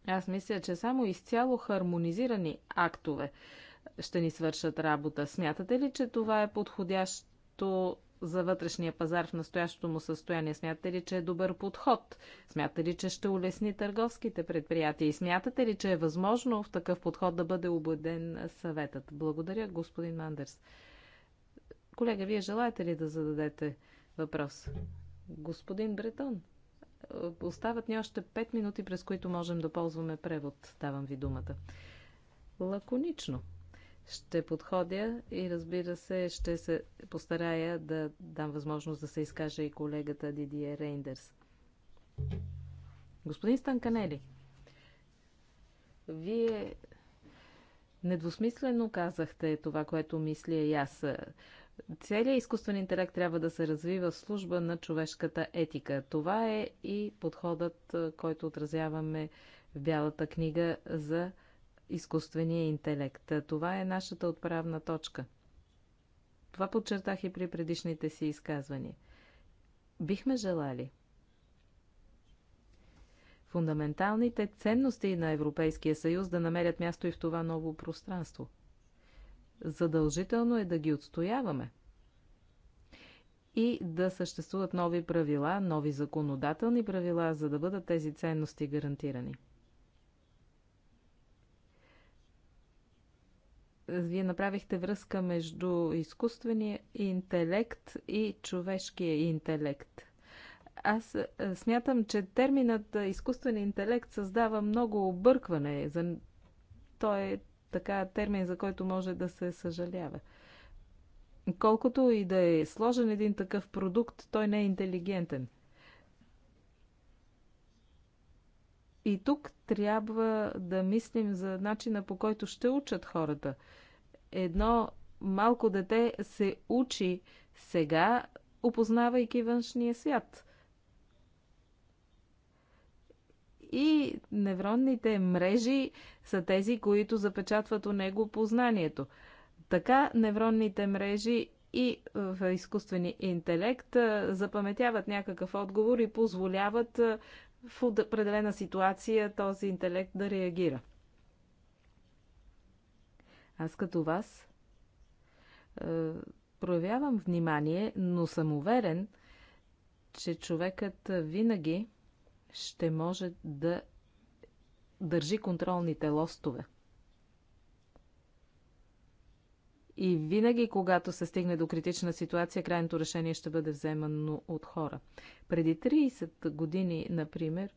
Аз мисля, че само изцяло хармонизирани актове ще ни свършат работа. Смятате ли, че това е подходящо за вътрешния пазар в настоящото му състояние? Смятате ли, че е добър подход? Смятате ли, че ще улесни търговските предприятия? И смятате ли, че е възможно в такъв подход да бъде обладен съветът? Благодаря, господин Мандерс. Колега, вие желаете ли да зададете въпрос? Господин Бретон. Е, остават ни още 5 минути, през които можем да ползваме превод. Давам ви думата. Лаконично ще подходя и разбира се, ще се постарая да дам възможност да се изкаже и колегата Дидие Рейндерс. Господин Станканели, вие недвусмислено казахте това, което мисля и аз. Целият изкуствен интелект трябва да се развива в служба на човешката етика. Това е и подходът, който отразяваме в Бялата книга за изкуствения интелект. Това е нашата отправна точка. Това подчертах и при предишните си изказвания. Бихме желали фундаменталните ценности на Европейския съюз да намерят място и в това ново пространство – задължително е да ги отстояваме и да съществуват нови правила, нови законодателни правила, за да бъдат тези ценности гарантирани. Вие направихте връзка между изкуствения интелект и човешкия интелект. Аз е, смятам, че терминът е, изкуствен интелект създава много объркване. Той е така термин, за който може да се съжалява. Колкото и да е сложен един такъв продукт, той не е интелигентен. И тук трябва да мислим за начина по който ще учат хората. Едно малко дете се учи сега, опознавайки външния свят. и невронните мрежи са тези, които запечатват у него познанието. Така невронните мрежи и в е, изкуствени интелект е, запаметяват някакъв отговор и позволяват е, в определена ситуация този интелект да реагира. Аз като вас проявявам внимание, но съм уверен, че човекът винаги ще може да държи контролните лостове. И винаги, когато се стигне до критична ситуация, крайното решение ще бъде вземано от хора. Преди 30 години, например,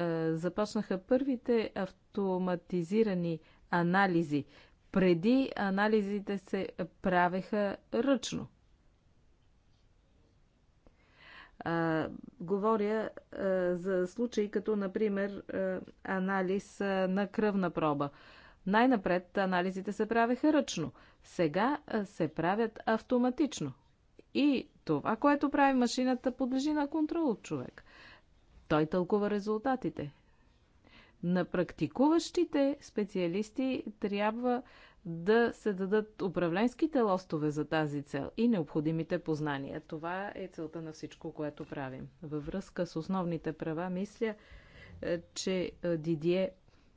е, започнаха първите автоматизирани анализи. Преди анализите се правеха ръчно – а, говоря а, за случаи като, например, а, анализ а, на кръвна проба. Най-напред анализите се правеха ръчно. Сега а, се правят автоматично. И това, което прави машината, подлежи на контрол от човек. Той тълкува резултатите. На практикуващите специалисти трябва да се дадат управленските лостове за тази цел и необходимите познания. Това е целта на всичко, което правим. Във връзка с основните права, мисля, е, че е, Дидие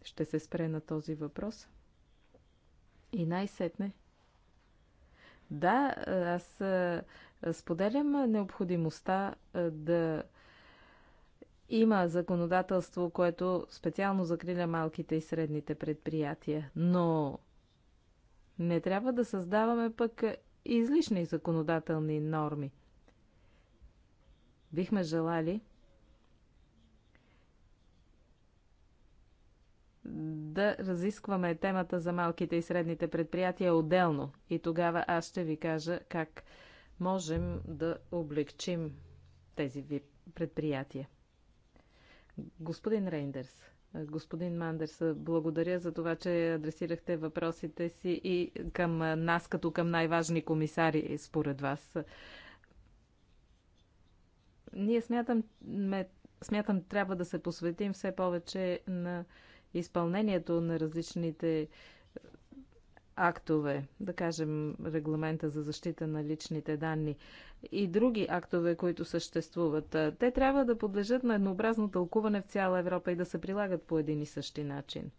ще се спре на този въпрос. И най-сетне. Да, е, аз споделям необходимостта да има законодателство, което специално закриля малките и средните предприятия, но не трябва да създаваме пък излишни законодателни норми. Бихме желали да разискваме темата за малките и средните предприятия отделно. И тогава аз ще ви кажа как можем да облегчим тези предприятия. Господин Рейндерс. Господин Мандерс, благодаря за това, че адресирахте въпросите си и към нас, като към най-важни комисари, според вас. Ние смятам, ме, смятам, трябва да се посветим все повече на изпълнението на различните актове, да кажем регламента за защита на личните данни и други актове, които съществуват, те трябва да подлежат на еднообразно тълкуване в цяла Европа и да се прилагат по един и същи начин.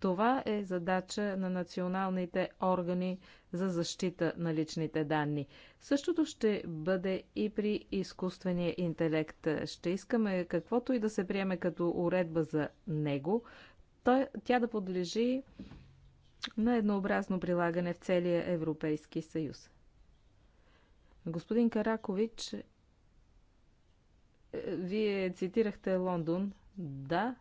Това е задача на националните органи за защита на личните данни. Същото ще бъде и при изкуствения интелект. Ще искаме каквото и да се приеме като уредба за него, тя да подлежи на еднообразно прилагане в целия Европейски съюз. Господин Каракович, е, вие цитирахте Лондон. Да,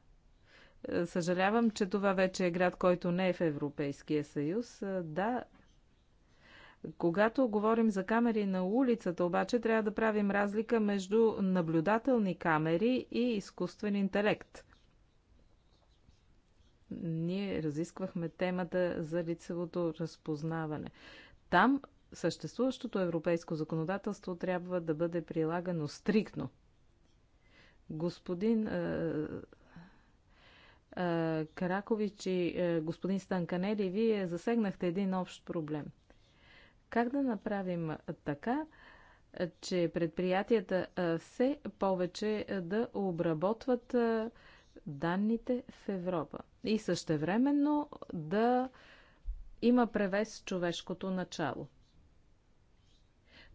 е, съжалявам, че това вече е град, който не е в Европейския съюз. Е, да, когато говорим за камери на улицата, обаче трябва да правим разлика между наблюдателни камери и изкуствен интелект – ние разисквахме темата за лицевото разпознаване. Там съществуващото европейско законодателство трябва да бъде прилагано стриктно. Господин Каракович и господин Станканели, вие засегнахте един общ проблем. Как да направим така, че предприятията все повече да обработват данните в Европа и същевременно да има превес човешкото начало.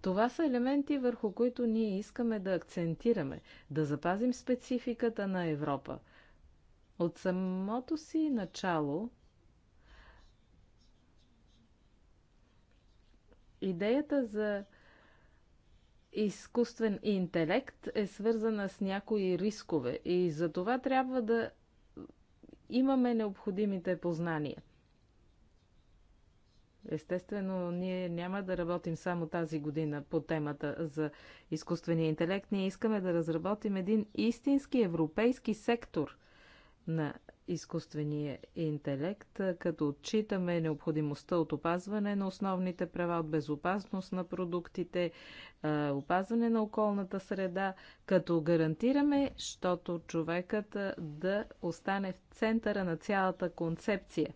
Това са елементи, върху които ние искаме да акцентираме, да запазим спецификата на Европа. От самото си начало идеята за изкуствен интелект е свързана с някои рискове и за това трябва да имаме необходимите познания. Естествено, ние няма да работим само тази година по темата за изкуствения интелект. Ние искаме да разработим един истински европейски сектор на изкуствения интелект, като отчитаме необходимостта от опазване на основните права, от безопасност на продуктите, опазване на околната среда, като гарантираме, щото човекът да остане в центъра на цялата концепция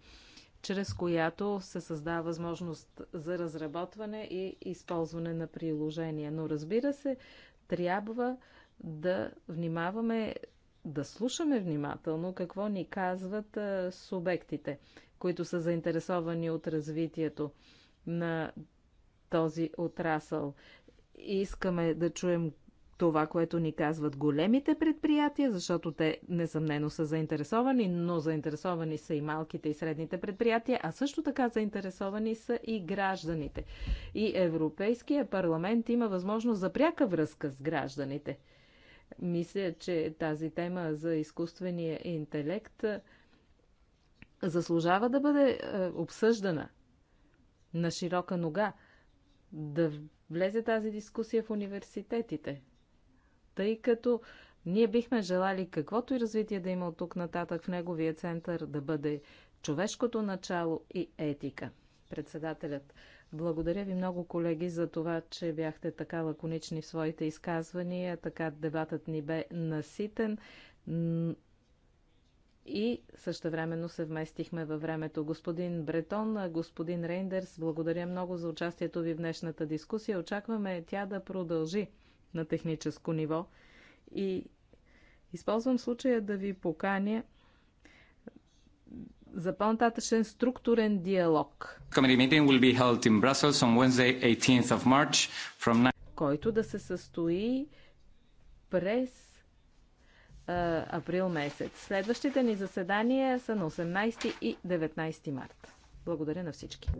чрез която се създава възможност за разработване и използване на приложения. Но разбира се, трябва да внимаваме да слушаме внимателно какво ни казват субектите, които са заинтересовани от развитието на този отрасъл. Искаме да чуем това, което ни казват големите предприятия, защото те несъмнено са заинтересовани, но заинтересовани са и малките и средните предприятия, а също така заинтересовани са и гражданите. И Европейския парламент има възможност за пряка връзка с гражданите – мисля, че тази тема за изкуствения интелект е, заслужава да бъде е, обсъждана на широка нога, да влезе тази дискусия в университетите, тъй като ние бихме желали каквото и развитие да има от тук нататък в неговия център да бъде човешкото начало и етика. Председателят благодаря ви много, колеги, за това, че бяхте така лаконични в своите изказвания. Така дебатът ни бе наситен и същевременно се вместихме във времето. Господин Бретон, господин Рейндерс, благодаря много за участието ви в днешната дискусия. Очакваме тя да продължи на техническо ниво. И използвам случая да ви поканя за по-нататъчен структурен диалог. Който да се състои през а, април месец. Следващите ни заседания са на 18 и 19 март. Благодаря на всички.